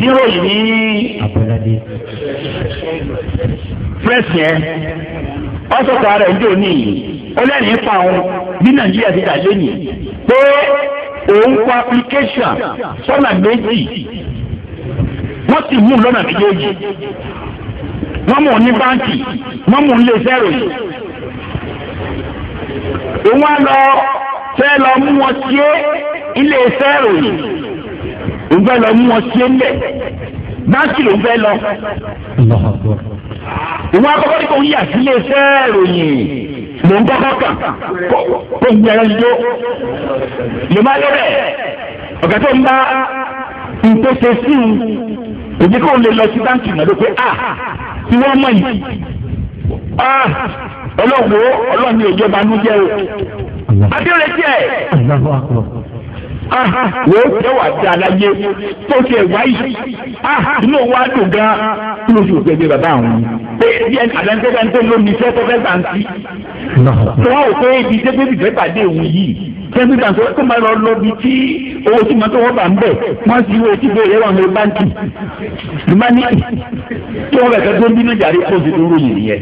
ní òòlù ní pírẹ́sì yẹn ọ̀sọ̀kọ̀ ara ẹ̀ ń jò níyì ọlẹ́rìí fa òun bí nàìjíríà ti dà lónìí pé òun kọ application sọ́nà méjì wọ́n sì mú lọ́nà méjèèjì wọ́n mú un ní báńkì wọ́n mú un lé sẹ́rò yìí òun á lọ fẹ́ lọ mú wọn sí ilé sẹ́rò yìí òun fẹ́ lọ mú wọn sí ilé báńkì ló ń fẹ́ lọ. ìwọ akọ́kọ́ ní kò ń yà sílé sẹ́rò yìí mò ń kọ́kọ́ kàn kó ń gbẹ̀rẹ̀ yó lè má lé bẹ́ẹ̀ ọ̀gá tó ń bá ntòsè sí i òbí kò lè lọ sí báńkì náà ló pé a ah, tí wọ́n mọ̀ yìí a ah, ọlọ́wọ́ ọlọ́ni òjọba nu jẹ́ o. adé wò ó tẹ́ wà dá láyé tó tiẹ̀ wáyé inú wa dùn gan kí ló fi òkè gbé bàbá àwọn pé bí ẹni àdáńtẹ́gbẹ́ ń tó lómi iṣẹ́ tó fẹ́ gbàǹtí tó wà ó pé ibi tẹ́gbẹ́ bí fẹ́ pàdé òun yìí tẹ́gbẹ́ gbàǹtí tó máa lọ lọ bí tí owó tí mo tó wọ́n bà ń bẹ̀ wọ́n sì wọ́n ti bẹ̀rẹ̀ wọn ní báńkì lùmánìkì tí wọ́n bẹ̀ fẹ́ tó ń bínú jàre kó o sì dúró yìí yẹn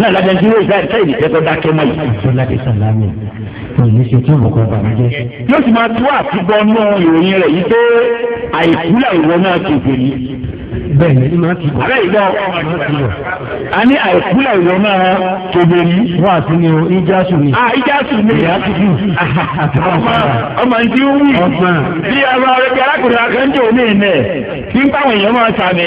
náà lábẹ́ ń dúró ìsáyẹ̀ òní ṣe tí òun kọ bàjẹ́. yóò sì máa tú àtúbọ̀ nú ìròyìn rẹ̀ yìí pé àìkúlẹ̀ ìwọ náà ti gbè ní. bẹ́ẹ̀ni ní máa ti bọ. abẹ́ ìgbọ́ a ní àìkúlẹ̀ ìwọ náà tó gbè ní. wọ́n àti ní o ìjásù ni. a ah, ìjásù ni. ìyá ti dùn. ọmọ ní ti wí. ọgbọ́n. bí ara rẹ̀ bí arákùnrin akẹ́ńtò ní ìnẹ̀ nípa àwọn èèyàn máa sàmì.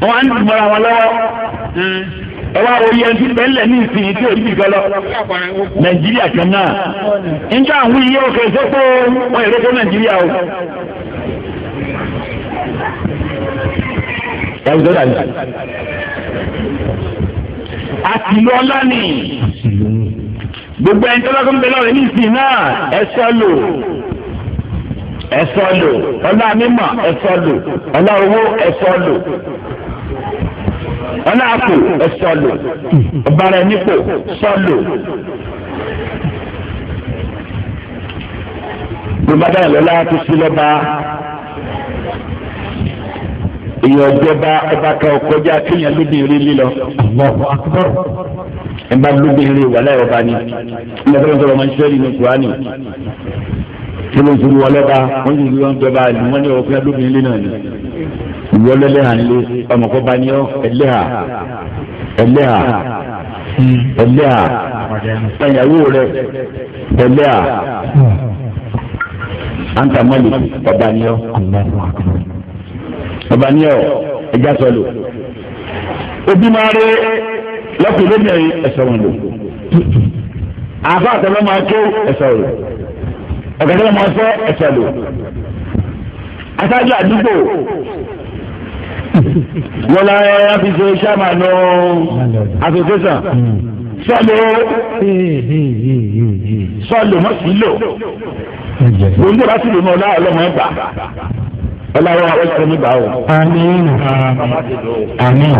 wọn á ní ìmọ̀ra wọn lọ́wọ́ hmm. ẹ wá orí ẹni tí pẹ́ńlẹ̀ ní ìsìn tí ò níbi lọ nàìjíríà kan náà níjọ́ àwọn iye òkè sẹ́pọ̀ wọn èrè fún nàìjíríà o. ẹ wù sọ́dà yìí. àtìlú ọlá ni gbogbo ẹni tó lọ́kọ́ ń bẹ lọ́rẹ̀ ní ìsìn náà ẹ sọ́ lò ẹ sọ́ lò ọlá mímọ̀ ẹ lò ọlá owó ẹ lò. ọlọ́àpò ẹ̀sọ́lò ọ̀bàrà ẹ̀nípò sọ́lò. Gbọ̀ngbàdàn lọ́la ti sí lọ́ba èèyàn ọjọba ọba kan ọkọjá kéèyàn lóbìnrin lílọ. ẹ bá lóbìnrin wàlẹ́ ọba ni. ẹ bá lóbìnrin wàlẹ́ ọba ni kí ló ń sori wọlọ́ba wọ́n ti rí oúnjẹ bá lù wọ́n ní ọ̀fẹ́ lóbìnrin náà ni ìwọlọ́lẹ́hà ń lé ọmọkọ́ba ní ọ ẹlẹ́hà ẹlẹ́hà ẹlẹ́hà ẹ̀yàwó rẹ ẹlẹ́hà anta malik ọba ní ọ ọba ní ọ ẹja sọlọ obi máa rí lọ́kùnrin lóbìnrin ẹ̀sọ́ wọn lò àfa àtẹ̀wé máa ké ẹ̀sọ́ wọn lò ọ̀gẹ̀dẹ̀ ọmọ ọ̀fẹ́ ẹ̀fẹ̀ lò aṣáájú àdúgbò wọ́n la àfihàn sàmà lọ àfihàn sọ́lò sọ́lò mọ́ sí lò gbogbo bá sì lò mọ́ ọ̀la ọlọ́mọ ẹgbà ọlọ́wọ́ ọ̀sẹ̀ mi bá o. àmín àmín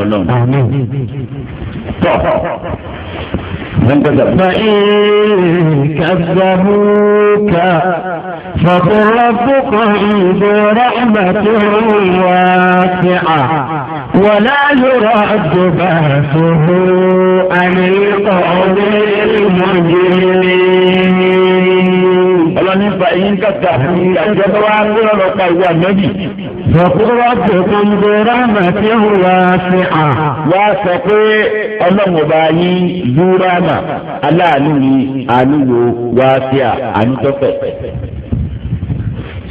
àmín àmín. tọ́. من كذب فإن كذبوك فقل ربك عند رحمة واسعة ولا يرد بأسه عن القوم المجرمين kẹfà ẹ̀yin kàtà ìyàjọba wa kúrò lọ pa ìwà nẹ́bì. Sọ̀kúrò wa pè kó ń bẹ ráàmà tí ó wà sí à. Wá sọ pé ọlọ́run bá yín zúráàmà aláàánú ni àníwò wá sí à ànítọ́fẹ̀.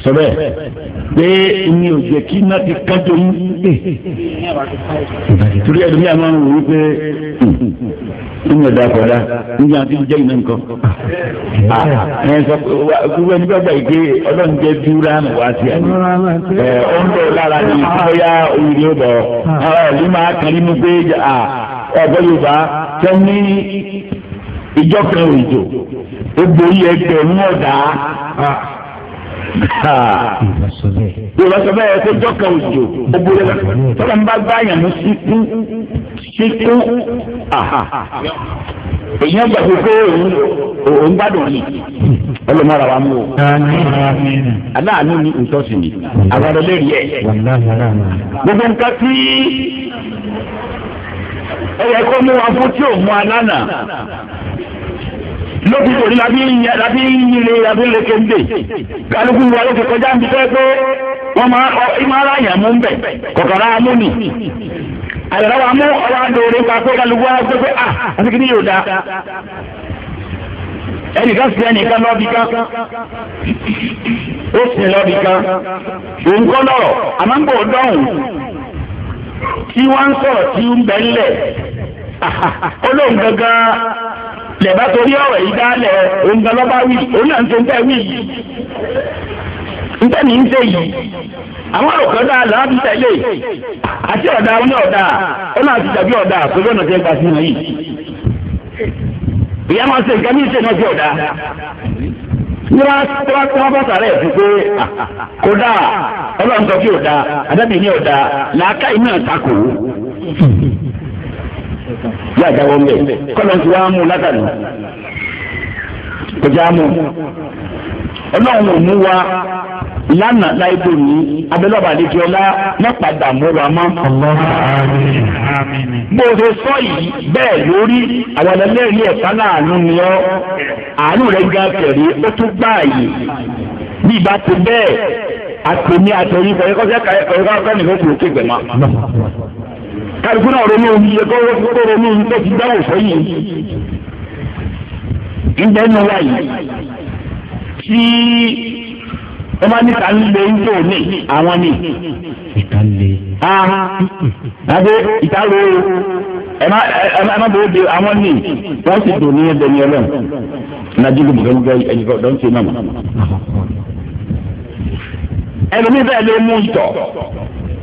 Sọ pé mi ò jẹ́ kí iná ti kájọ yín. Torí ẹ̀dùn mi àmọ́ ń wò ó pé nínú ẹ̀dá kọ̀dá níbi àti jẹ́ iná nǹkan. Ah. ẹ sọ pé nígbà gbà yìí pé ọlọ́run jẹ́ dúrán wá sí àná. ẹ ọ ń bọ̀ lára ní ìfọyà òyìnbó bọ̀ ara ẹ̀ ló máa kàn nínú pé ọ̀gbọ́n yorùbá tẹ́ ní ìjọ kan òjò ó borí ẹgbẹ̀rún ọ̀dà yorùbá sọ bẹ́ẹ̀ pé jọ́kà òjò ó borí la tọ́lá ń bá báyà mú síkú síkú èyí ń gbàgbé pé òun gbádùn ni ọlọmọra wa mú o aláàánú ni ìtọ́sí ni àwọn ọlọ́lẹ́rì ẹ̀ gbogbo nǹkan tí ẹ̀yẹ kọ́ mú wa fún tí ò mú alánà lókun òní láti ń yẹ láti ń yire láti ń leke ń dè kálukú wa ló ti kọjá níbi pé pé wọn máa ọ ìmọ̀ràn àyàn mú bẹ̀ kọ̀kọ̀rọ̀ amú nì àyàrá wa mú ọwọ́ àdóore pa pé kálukú wa pé pé ah àti kìíní yóò da ẹnìkan sí ẹnìkan lọ́bì kan ó sì lọ́bì kan òun kọ́ lọ́rọ̀ àmọ́ ń bò dọ́hùn tí wọ́n ń sọ̀rọ̀ tí ń bẹ́ ń lẹ̀ olóhùn gangan. lẹ́bà torí ọ̀rọ̀ yìí dálẹ̀ òǹkà lọ́ba wí òun náà ń tẹ́ wí yìí ń tẹ́ ní yìí àwọn ọ̀kan dáa láti tẹ̀lé àti ọ̀dà oní ọ̀dà ó náà ti dàbí ọ̀dà pẹ̀lú ọ̀nà tí ẹ sí ṣe nǹkan ti ọ̀dà ní mọ́jà jáwọ́ mbẹ́ kọ́lọ́ ti wá mú látàlú kọjá mú ọlọ́run ò mú wa lánàá láìpẹ́ ní abẹ́lọ́ba àdéjọ́lá mọ́padà múra mọ́. bó o ṣe sọ yìí bẹ́ẹ̀ lórí àwọn ẹlẹ́rìí ẹ̀ka láàánú ni ọ́ àánú rẹ̀ ga kẹ̀rí ó tún gbà yìí bí ìbá ti bẹ́ẹ̀ àtòmí àtòyí kọ̀ọ̀kọ́ sẹ́ka ẹ̀kọ́ ẹ̀kọ́ nìkan kò kéègbè mọ́. kálukú náà ronú iye kó ronú tó ti dáwò sẹ́yìn ńbẹ́ nù yìí tí wọ́n bá ní ká ńlò ní àwọn ní. ìta lè. àbẹ ìta lè ẹ má ẹ má bẹ̀rẹ̀ àwọn ní wọ́n sì dùn ní ẹgbẹ́ ní ẹlẹ́m nàjú ló dọ́ńtì náà. bẹ́ẹ̀ ló mú ìtọ̀.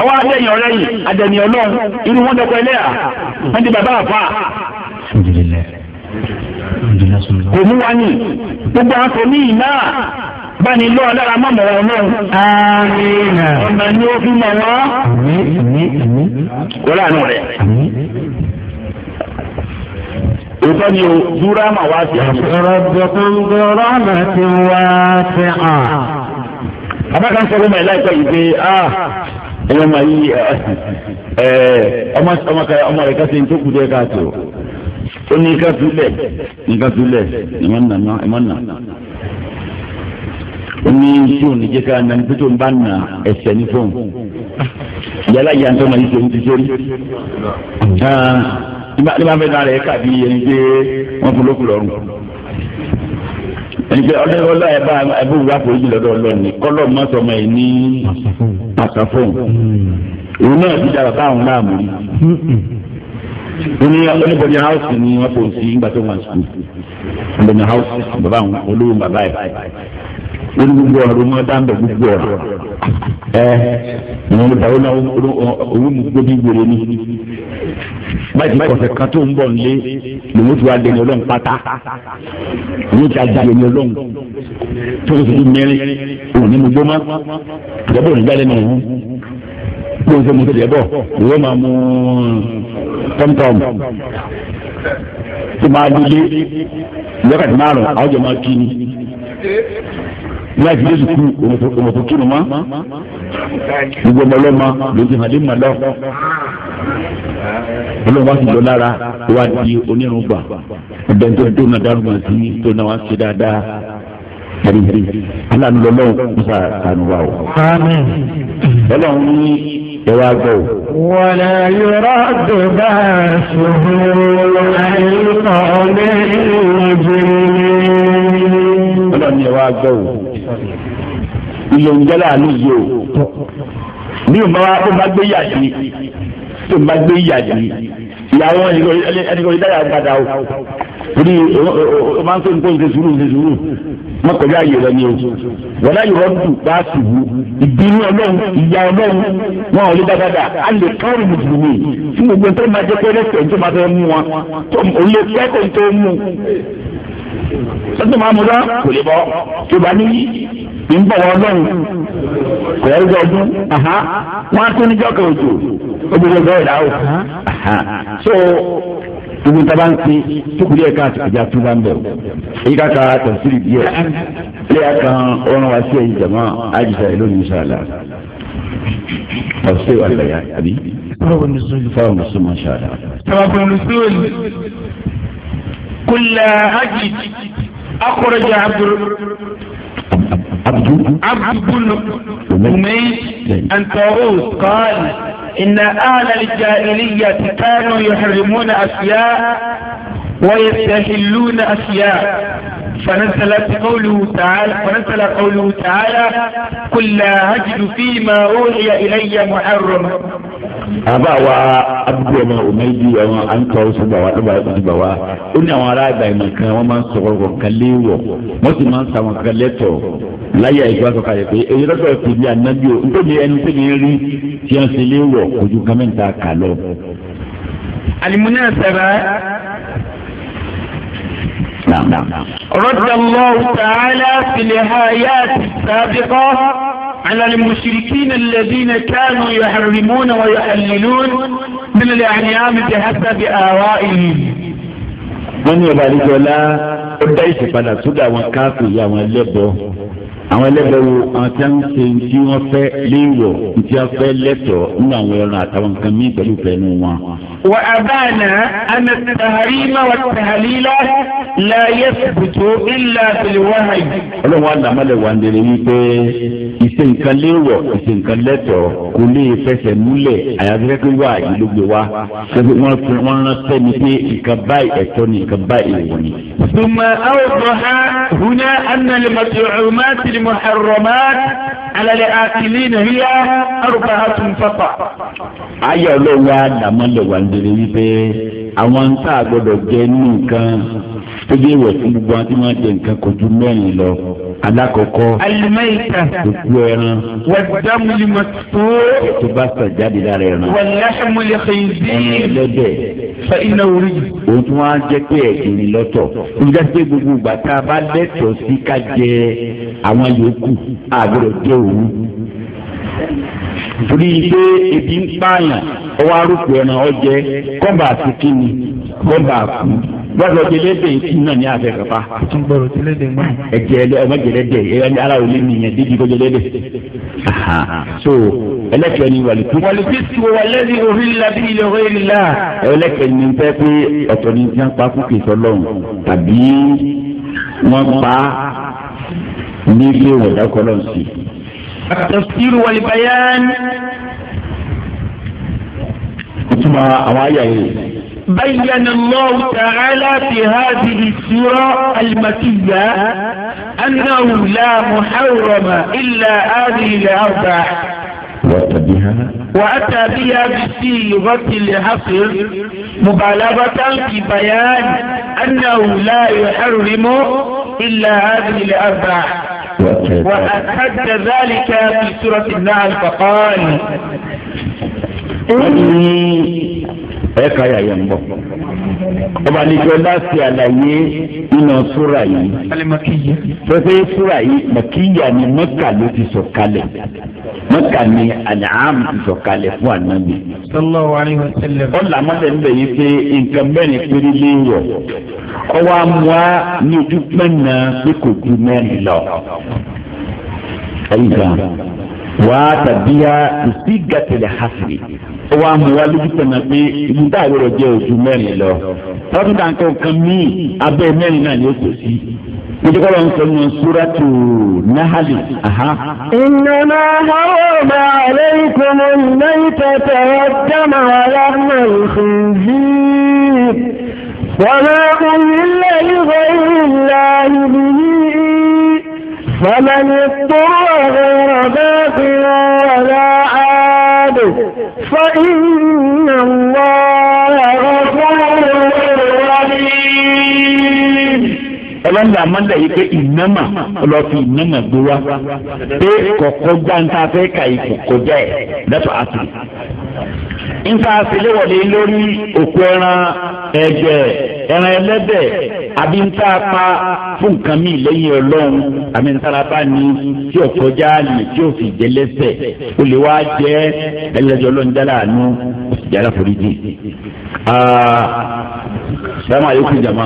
àwọn adẹ́yìn ọ̀rẹ́ yìí adẹ́yìn ọlọ́run irú wọn dẹ́kọ̀ ẹlẹ́yà wọ́n di bàbá àfa. kò mú wa ní gbogbo àǹfọ̀ ní ìná báni lọ́ ọ̀dára mọ́ mọ̀ràn ọlọ́run. ọ̀nà ni ó fi mọ̀ wọ́n. wọ́n láàánú rẹ̀ òtọ́ ni o dúrámà wá sí àwọn. rọ̀bùkún dúrámà ti wá sí à. abákan sọ fún mi láìpẹ́ yìí pé ah, ẹ̀yọ́ máa yí ọmọ rẹ̀ kásẹ̀ tó kù jẹ́ káàtó ó ní ká túlẹ̀ ní ká túlẹ̀ ìmọ̀ nà ìmọ̀ nà ó ní tí ò ní jẹ́ ká nà nítorí tó ń bá nà ẹ̀sẹ̀ ní fóun yálà yà ń ma yí sẹ́yìn ti sórí nígbà tí wọ́n fẹ́ dára ẹ̀ kàbí ẹni pé wọ́n fún lókùlọ́rùn ẹnìpẹ ọlọ́ọ̀lọ́ ẹ bá ẹbí wà fún yìí lọ́dọ̀ ọlọ́ọ̀ni kọ́lọ́ má sọ ọmọ yìí ní pàṣẹfóòn òun náà ti dára káwọn náà mú ní oníbọ̀dì house ni wọ́n fò sí ìgbà tó wà sùkúl oníbọ̀dì house bàbá àwọn olówó bàbá yìí olùgbogbo ọ̀rọ̀ mọ́ dáńdọ̀ gbogbo ọ̀rọ̀ ẹ ìwọ̀n da ó náà owó mu gbóbi wèrè ni báyìí kọ̀sẹ̀ kan tó ń bọ̀ nílé lòun ti wá lé ní ọlọ́run pátá òun ti àjàgbé ní ọlọ́run tó ń fi mẹ́rin òun ní mo gbó má ìjọba òun jáde náà kó o ṣe mo tẹ̀lé bọ̀ ìwé máa mú uh, tọ́mtọ́m ní àti jésù kú òmòtò kírun mọ́ gbogbo ọmọ ọlọ́mọ ló ti hàn lé màlọ́ ọlọ́run wá sí lọ lára wá di onírúgbà ọ̀dọ̀ tó tó náà dárúgbà sí tó náà wá ṣe dáadáa àdìsí aláàánú lọ́lọ́run kó sà sànù wa o. ọlọ́run ní ẹwà gbọ́ o. wọlé yọrọ tó bá a sọ̀rọ̀ àìlùkọ́ ọ̀lẹ́ ìrìnàjò. ọlọ́run ní ẹwà gbọ́ o ìlòǹjẹ́lá àlù yìí o bí o bá wá tó bá gbé yàtí tó bá gbé yàtí ìyàwó ẹni kò dára gbàdá o torí o máa ń sọ́ni kó n ṣe sùúrù ṣe sùúrù má kọjá àyè rẹ ni o wọ́n láyé wọ́n dùn bá ṣubú ìbínú ọlọ́run ìyá ọlọ́run wọn ò lè dáadáa a lè kọ́rin mùsùlùmí fún gbogbo tó máa jẹ́ pé ẹlẹ́sẹ̀ tó máa fẹ́ mú wọn tó orí ẹgbẹ́ tó ń mú ó sì máa mú dán kò lè bọ́ tó bá ní ní ń bọ̀ wọ́n lọ́hùn kò yẹ kó ọdún wọ́n á tún níjọ́ kan òjò ó bí wọ́n gbọ́dọ̀ so gbogbo ń taba ń pin tókùlé ẹ̀ka àti ìjà tó bá ń bẹ̀ o èyí ká ka tẹ̀síìrì díẹ̀ lẹ́yà kan ọ̀run wa sí ẹ̀yìn jàmọ́ àjùsà ẹ̀ lónìí sàlà ọ̀sẹ̀ wà lẹ́yà àbí. báwo ni sọ́yìn. báwo ni sọ́yìn sàlà. قل لا أجد أخرج عبد عبد عبد بن أميس عن طاووس قال إن أهل الجاهلية كانوا يحرمون أشياء ويستحلون أشياء فنزل قوله تعالى فنزل قوله تعالى قل لا أجد فيما أوحي إلي محرما أبا وأبو ما أميدي وما أنت وسبا وأبا أبا وأنا وراء دائما كان وما صغر وكليه مسلم أنت وكليته لا يا إخوة كليته إذا كنت تبيع النبي أنت بي أن تبيعني تيان سليه وكجو كمن تاكالو المناسبة نعم، نعم، نعم. رد الله تعالى في الآيات السابقة على المشركين الذين كانوا يحرمون ويحللون من الأعنيام بحسب آوائهم من ní ọba àdìjọ́lá ó dá ìṣèpadà sódà àwọn káàkiri àwọn àwọn ẹlẹ́bẹ̀ wo àwọn tí a ń ṣe tí wọ́n fẹ́ léèwọ̀ tí a fẹ́ lẹ́tọ̀ọ́ nínú àwọn ẹran àtàwọn nǹkan míì pẹ̀lú pẹ̀lú wọn. wà á bá a nà àna tàhárí máa wà tàhárí lọ láàyè bùtò ìlà tìlíwáhà yìí. ọlọ́run wa làmọ́lẹ̀ wà nílé wípé ìṣe nǹkan léèwọ̀ ìṣe nǹkan lẹ́tọ̀ọ́ kò lè fẹsẹ̀ múlẹ̀ àyàfi kẹ́kẹ́ wa kẹ́kẹ́ المحرمات على الآكلين هي أربعة فقط. ayé ọlọ́run wa dàmọ́ lọ wà nídìrí wípé àwọn ń tà gbọ́dọ̀ jẹ́ nínú nǹkan tó jẹ́ ìwọ̀sí gbogbo àti wọn jẹ nǹkan kò ju mẹ́rin lọ alakoko alimaita duku ẹran wadamuli mato tó bá sàn jáde lára ẹran walahamuli xinzi ẹlẹ́dẹ̀ fa iná orí. o tún wá jẹ pé ẹgbẹrin lọ́tọ̀ ìjàpé gbogbo gbàtà bá lẹ́tọ̀ọ́ sí ká jẹ àwọn yòókù àgbẹrẹ jẹ òun torí pé ebi ń pààyàn ọwọ́ arúgbó ẹran ọjẹ kọ́ba àti kíni kọ́ba àkú gbọ́dọ̀ jẹlẹdẹ yìí náà ní àfẹ kapa. gbọ́dọ̀ jẹlẹdẹ mọ. ẹ jẹlẹ ẹ má jẹlẹdẹ ẹ ní ala òní nìyẹn dídí kó jẹlẹdẹ. so ẹlẹ́kẹ̀ẹ́ ni wàlú tó. wàlú tí tu wàlẹ́ ni orí labi ilẹ̀ orí la. ẹlẹ́kẹ̀ẹ́ ni pẹ́ pé ọ̀tọ̀ ni tí wọ́n pa kókè sọlọ́run tàbí wọ́n pa ní ilé ìwọ̀dà kọlọ́n sí. àtẹ̀síru wàlú bayán. ìtumọ̀ àwọn àyà بين الله تعالى في هذه السورة المكية أنه لا محرم إلا هذه الأربع وأتى بها وأتى بها بصيغة الحصر مبالغة في بيان أنه لا يحرم إلا هذه الأربع وأكد ذلك في سورة النعل فقال إني ẹ ká yàyẹ ń bọ̀. ọba nìjọ láti àlàyé iná súra yìí. pépé súra yìí màkìyà ni mẹ́kà ló ti sọ̀kalẹ̀ mẹ́kà ni àlàm ti sọ̀kalẹ̀ fún ànábì. ọ̀là mọ́tẹ́ ń bẹ̀ yí pé nǹkan mẹ́rin péré lé yọ ọwọ́ amúá ní ojú pẹ́ẹ́nà pé kò ju mẹ́rin lọ. ẹ̀yin kan wàá tàbí ya ìsígàtẹ̀lẹ̀ hàfìrì ó wá mú wá lójú tẹ̀nà pé ìlú tá àwòrán jẹ́ ojú mẹ́rin lọ lọ́dún tá à ń kọ́ nǹkan míì abẹ́ mẹ́rin náà ni ó kò sí. Nítorí kọ́ ń sọ nínú Súrátù Nahali. Innama harrama alaykumul maytata wad-dama wa lahmal khinzir. Wa ma uhilla lighayri Allahi bihi. Faman ittara ghayra baghin wa la فإن الله غفور رحيم ọlọ́run la máa ń dà yìí pé ìnámà ọlọ́fi ìnámà gbé wá pé kọ̀kọ́ gbáǹtà fẹ́ kà í jẹ́ ẹ̀ lẹ́tọ̀ àti nǹkan àfiléwọlé lórí òkú ẹran ẹ̀jẹ̀ ẹran ẹlẹ́dẹ̀ àbí nta pa fún nǹkan mi lẹ́yìn ọlọ́run àmì ntàlábà ni tí ò kọjá lè tí ò fi jẹ lẹ́sẹ̀ ó lè wá jẹ́ ẹlẹ́dẹ̀ ọlọ́run dára àánú yàrá foríjì. sàmà àlékún jàmá.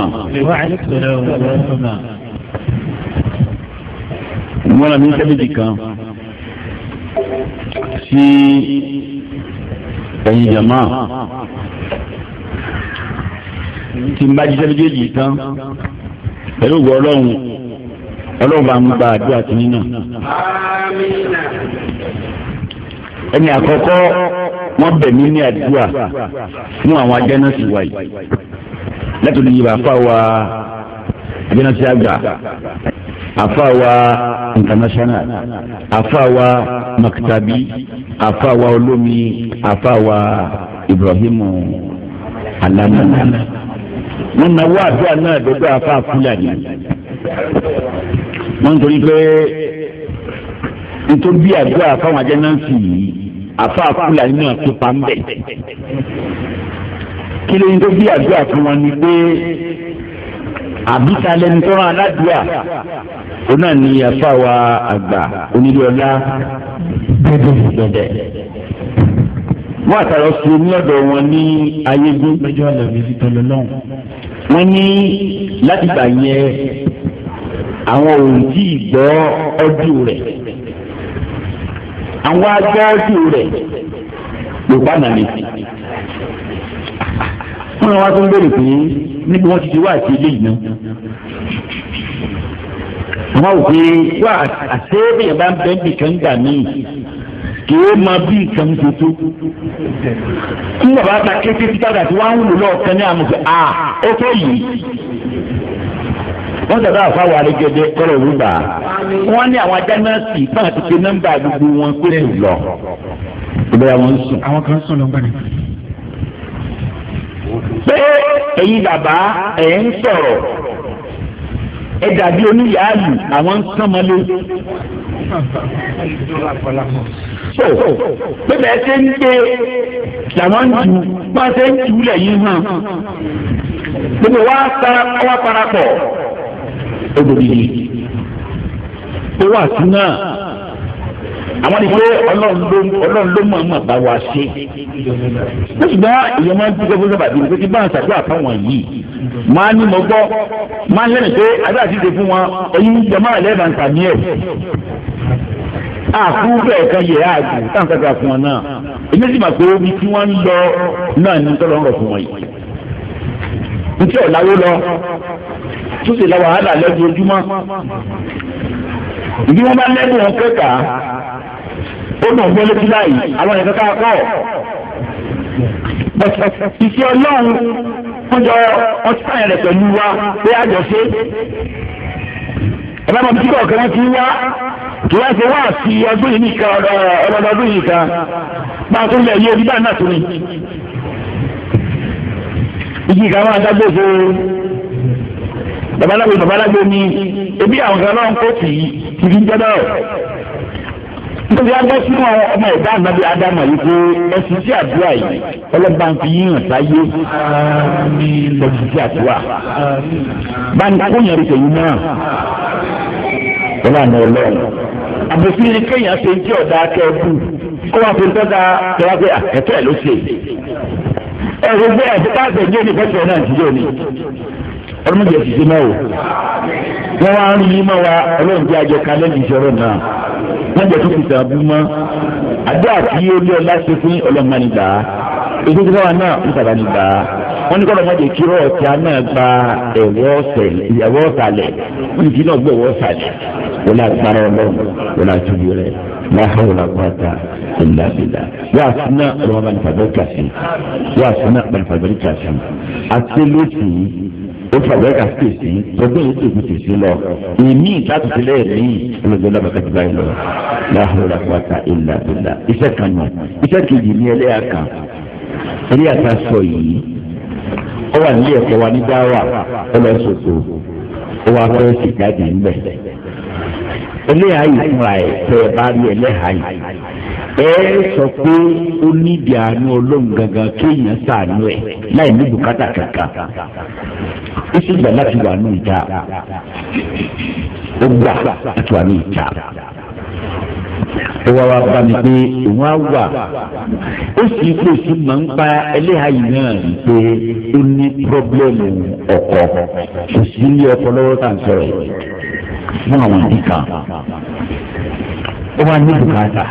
wọ́n rà mí sẹ́bìtì kan sí ẹ̀yin jàmá tí n bá jíṣẹ́ méjèèjì tán pẹ̀lú ògùn ọlọ́run ọlọ́run bá ń gba àdúrà tí nínà. ẹni àkọ́kọ́ wọ́n bẹ̀ mí ní àdúrà fún àwọn ajẹ́nàsì wa yìí látòlù yìí bá fà wá ajẹ́nàsì àgbà àfàwà international àfàwà maktabi àfàwà olómi àfàwà ibrahimu alamana wọn náwó àdúrà náà dọdọ afa fúlàní wọn nítorí pé nítorí bí àdúrà fáwọn ajẹ́nàǹsì yìí afa fúlàní náà tó pa ń bẹ̀ kí lóyún tó bí àdúrà fún wọn ni pé àbíta lẹni tó rán aládùúgbà òun náà ni afa wa àgbà onílé ọlá dẹdẹ wọn àtàrà sí ní ọ̀dọ̀ wọn ní ayégun wọn ní láti gbà yẹ àwọn òun tí ì gbọ́ ọdún rẹ̀ àwọn agbáàdù rẹ̀ ló bá nàlẹ́ sí. wọ́n lọ wá tó bèrè pé níbi wọ́n ti ti wá àti ilé yìí náà wọ́n wò pé wá àtẹ́bẹ̀yẹ̀ bá ń bẹ́ nìkan gbà míì kì í máa bí nǹkan ṣe tó kí bàbá ta kété títà àti wọ́n á ń lò lọ́ọ̀kan ní àmọ̀fẹ́ à ó tó yìí wọ́n sọ̀rọ̀ àfa wà lẹ́gẹ̀dẹ̀ kọ́lọ̀ rúbà wọ́n ní àwọn ajá náà sì nọ́mbà gbogbo wọn pé lọ. ìbẹ̀rẹ̀ àwọn sùn. àwọn kan sùn lọ́gbàdàn pé ẹ̀yin bàbá ẹ̀ ń sọ̀rọ̀ ẹ dàbí oníyàálù àwọn ń so pé bẹ́ẹ̀ ṣe ń gbé làwọn ń ju bá ṣe ń jù lẹ́yìn hàn gbogbo wa ta wa parapọ̀ ó gbòdìdì ó wà sí náà àwọn ni pé ọlọ́run ló mọ̀ mọ̀ bá wa ṣe. ó sì gbọ́ ìyẹn máa ń dúpẹ́ fún sábà bíi pé kí báwọn ṣàdúrà fáwọn yìí máa ní mo gbọ́ máa ń lẹ́nu pé àdúrà ti ṣe fún wọn ẹ̀yin jọmọ́ àlẹ́ máa ń tà ní ẹ̀. àkú bẹ́ẹ̀ kan yẹ̀ àgùn táwọn kankan fún wọn náà èmi sì mà pé omi tí wọ́n ń lọ náà ní tọ́lọ́ ń rọ̀ fún wọn yìí. ntí ọ̀làwó lọ tó sì la wàhálà lẹ́gbẹ̀ẹ́ ojúmọ́ ìdí wọn bá lẹ́gbẹ̀ẹ́ wọn kẹ́kàá ó mọ̀ gbọ́ létí báyìí àwọn ẹ̀ka ká kọ́ ìṣe ọlọ́run wọ́n jọ ọtí báyìí rẹ̀ pẹ̀lú wa pé àjọṣe ẹ bá mọ bí kọ̀ọ̀kan wọn ti wá kí wọ́n ṣe wá sí ọdún yìí nìkan ọlọ́dún ọdún yìí kan máa tún lẹ̀ yé orí báyìí náà tún ni. igi kan máa dágbé fún babaláwo babaláwo ni ebi àwọn kan náà ń kó tì í ti fi ń jẹ́ náà níbi agbẹ́sí wọn ọmọ ẹ̀dá ànábi ádámà yìí pé ẹ̀sìn sí àdúrà yìí ọlọ́ba fi yíyàn sáyé ẹ̀sìn sí àdúrà báńkì kó yẹn rẹ̀ yìí náà ọlọ́run ọlọ́run àbùsí ni kéèyàn ṣe ń jẹ́ ọ̀dà akẹ́kù kó wá fi ń tọ́ka tọ́ka pé ẹ̀tọ́ ẹ̀ ló ṣe ẹ̀rọ gbé ẹ̀dúgbà àgbẹ̀jẹ́ ní fẹ́ṣọ̀ náà ti yóò ọlọ́mọdé ẹ̀ ti ṣe náà o wọ́n wá ń rí mọ́ wa ọlọ́run jẹ́ àjọ kan lẹ́yìn ìṣòro náà wọ́n jẹ́ tó fi sàbú mọ́ àdó àti orí ọlá ṣe fún ọlọ́mọdé ètò ìjọba wa náà ń sábà nígbà wọn ní kọ́ ọlọ́mọdé kírọ̀ ọ̀tá náà gba ẹ̀wọ́ ọ̀sàlẹ̀ wọn ní kí náà gbé ẹ̀wọ́ ọ̀sàlẹ̀ wọn àgbára ọlọ́run wọn àtúbí rẹ̀ wọn àhàwọ̀ làkúrọ̀tà ìlàbìlà wọn àsúná ọlọ́mọdé fàbẹ́ríkà sí wọn àsúná ọlọ́mọdé fàbẹ́ríkà sí àti lóṣìí ó fàwẹ́ ka fèsì tọdún yìí tó fi fèsì lọ èmi láti fi lẹ́yìn lẹ́yìn olùdó lọ́ba kẹ́kẹ́ báyìí lọ láhùn làkúwàtà ìlà ìlà iṣẹ́ kan nù iṣẹ́ kejì ní ẹlẹ́yà kan ẹlẹ́yà ta sọ yìí ó wà nílé ẹ̀kọ́ wa ní dáwà ó ó wà fẹ́ sì jáde ńbẹ̀ ẹlẹ́yà yìí fúnra ẹ̀ tẹ́ bá rí ẹlẹ́yà yìí ẹ sọ pé ó níbi àánú ọlọ́run gangan kéèyàn sàánú ẹ̀ láì ní bùkátà kankan ó sì gbà láti wà ní ìjà ó gbà láti wà ní ìjà ó wá wá bá mi pé òun á wà ó sì pè sí màá ń pa ẹlẹ́hàyè náà rí pé ó ní pírọ́blẹ́mù ọkọ kò sí ilé lọ́wọ́ tá à ń sọ̀rọ̀ fún àwọn ìdí kan ó wá ní bùkátà.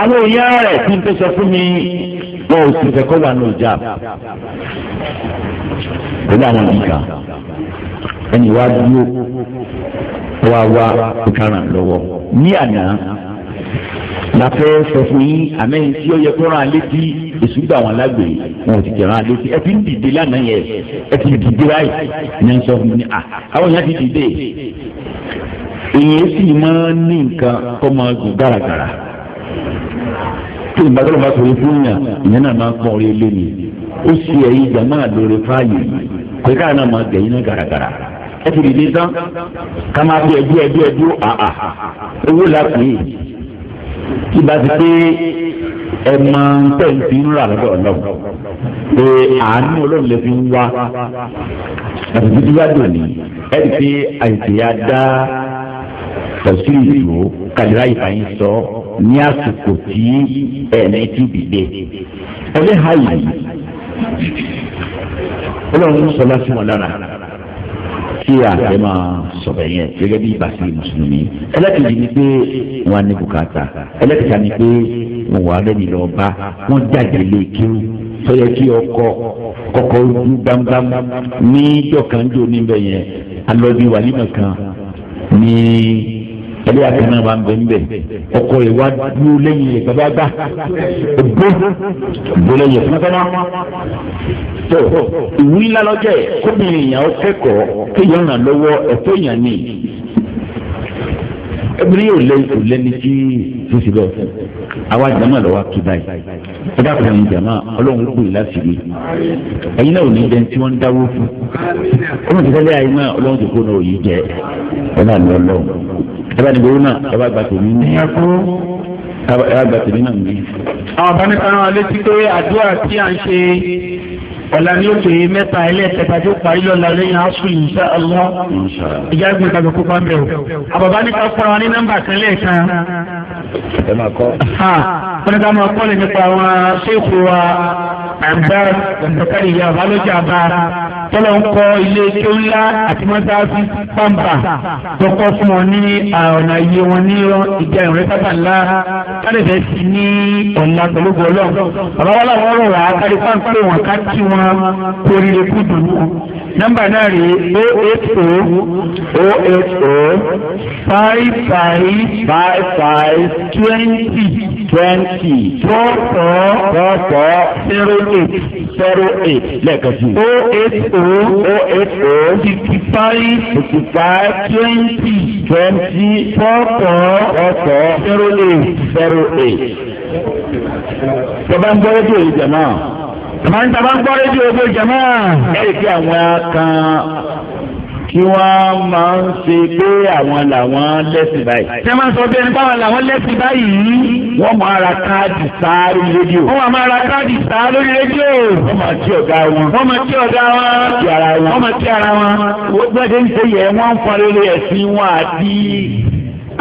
àwọn èèyàn rẹ̀ tí n tó sọ fún mi wọn ò sì fẹ́ wà ní ọjà pẹ̀lú àwọn ìgbà ẹni wá dúró wá wá ìkaràn lọ́wọ́ ní àná láfẹ́ sọ fún yín àmẹ́yìn tí ó yẹ kó rán alé tí èsù gbà wọn lágbè wọn ò rán alé tí ẹ ti ń dìde lánàá yẹn ẹ ti dìde ní sọ fún mi à àwọn ti dìde sì máa ń ní nǹkan kọ́ máa gùn gàràgàrà. tí ìbádọ́rọ̀ bá sọ̀rọ̀ fún yàn ìyẹn náà máa ń pọ̀ orí lé mi ó sì ẹ̀yìn jàmá lórí fáàyè pé káà náà máa gẹ̀yìn náà gàràgàrà ẹ ti dìde tán ká máa fi ẹdú ẹdú ẹdú àà owó la pè é kí bá ti pé ẹ máa ń tẹ̀ ń fi ń rà lọ́dọ̀ ọlọ́run pé àánú ọlọ́run lè fi ń wá àti títí wá dùn ní ẹ ti fi àìsè ya dá tẹ̀síìlì ìlú kàdírà ìfàyín sọ ọ́ ní àsìkò tí ẹ̀mí ti dìde. ẹlẹ́hà yìí ọlọ́run sọ lásìkò wọn lára tí àfẹ́ máa sọ̀rọ̀ yẹn gẹ́gẹ́ bí ìbàsí mùsùlùmí ẹlẹ́kìtì ni pé wọ́n á ní bùkátà ẹlẹ́kìtì ni pé wọ́n wà lẹ́nu lọ bá wọ́n jáde lé kíru tọ́yẹ kí ọkọ kọ́kọ́ ojú gbamgbam ní ìjọ kan jò níbẹ̀ yẹn alọ́bí wàlímọ̀ kan ní ẹlẹ́yà kan náà máa ń bẹ ọkọ ìwà lẹ́yìn rẹ̀ bàbá gbà lẹ́yìn fúnkẹ́nà. tó ìwúrí kóbìnrin èèyàn kẹ́kọ̀ọ́ kéèyàn ràn lọ́wọ́ ẹ̀tọ́ èèyàn ni ebili yóò lé kò lẹ́ni tí sísè bẹ́ẹ̀ fẹ́ àwa jama lọ wa kí báyìí ẹ dá kùnà jama ọlọ́run kù yìí lásìrí ẹ̀yin náà ò ní dẹ́n tí wọ́n ń dáwó fún ọlọ́run ti tẹ́lẹ̀ ayé náà ọlọ́run ti kó náà ò yí jẹ́ ẹ̀ náà ní ọlọ́run ẹ ni ní gbowó náà ẹ bá gba tèmi ní. ẹ bá gba tèmi náà ní. àwọn bá ní kanáà wà létí pé àdúrà tí à ń ṣe ọ̀la ni ó pè é mẹ́ta ẹlẹ́ẹ̀kẹta tó parí lọ́la lẹ́yìn asùn insha Allah ìjà ìgbìmọ̀ tàbí kópa ń bẹ̀ o. àbàbá ní ká fúnra wọn ní nọ́mbà kan lẹ́ẹ̀kan ẹ máa kọ́. wọ́n ní ká máa kọ́ lè nípa àwọn ṣéèkù wa àǹbá zakariya balójà bá tọ́lọ̀ ń kọ́ ilé tó ńlá àti mọ́sáàsì pàmpà tọkọ́ fún wọn ní ọ̀nà ayé wọn ní ìjà ìrìn sábà ńlá kárẹ̀fẹ́ sí ní ọ̀nà pẹ̀lúgbọ̀ ọlọ́run bàbá wọn làwọn rò wá kárí pàǹpẹ́ wọn ká tí wọn kórìíre kú dùnú. nọ́mbà náà rèé o oh eight o oh, o oh eight o five five five five twenty twenty four four four four zero eight zero eight lẹ́ẹ̀kan sí. o eight o o eight o fifty five fifty five twenty twenty four four four four zero eight zero eight. tọ́ba ń gbọ́ rédíò yìí jẹ̀mọ́. tọ́ba ń gbọ́ rédíò yìí jẹ̀mọ́. ẹ̀rí kí àwọn kan kí wọ́n máa ń ṣe pé àwọn làwọn lẹ́sìn báyìí. ṣé máa sọ bẹ́ẹ̀ ni báwọn làwọn lẹ́sìn báyìí. wọ́n máa ra káàdì sáá lórí rédíò. wọ́n máa ra káàdì sáá lórí rédíò. wọ́n máa kí ọ̀gá wọn. wọ́n máa kí ọ̀gá wọn. kí ara wọn. wọ́n máa kí ara wọn. gbọ́dọ̀ ń ṣe yẹ wọ́n ń fọn lórí ẹ̀sìn wọn àti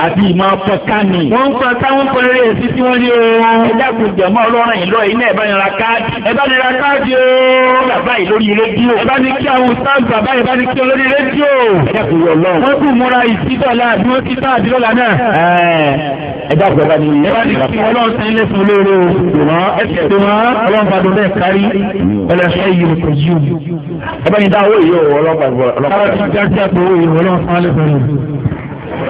àti ìmọ̀ fọ̀ká ni. wọ́n ń fọ̀ká wọ́n fọ eré èsì tí wọ́n ní o. ẹ dákun jẹ̀mọ́ ọlọ́run ìlọ yìí náà ẹ bá ní ra káàdì. ẹ bá ní ra káàdì o. bàbá yìí lórí rédíò. ẹ bá ní kí àwọn sáà bàbá yìí bá ní kí lórí rédíò. ẹ dákun wọ lọ. wọ́n kù múra ìsídọ̀lá àbí wọ́n ti tá àdìrọ́lá náà. ẹ dákun ẹ bá ní. ẹ bá ní kí ọlọ́run ti lé fún lóore o. ẹ ti tó wọn ọlọ́run bá dún bẹ́ẹ̀ kárí. ẹ lọ sọ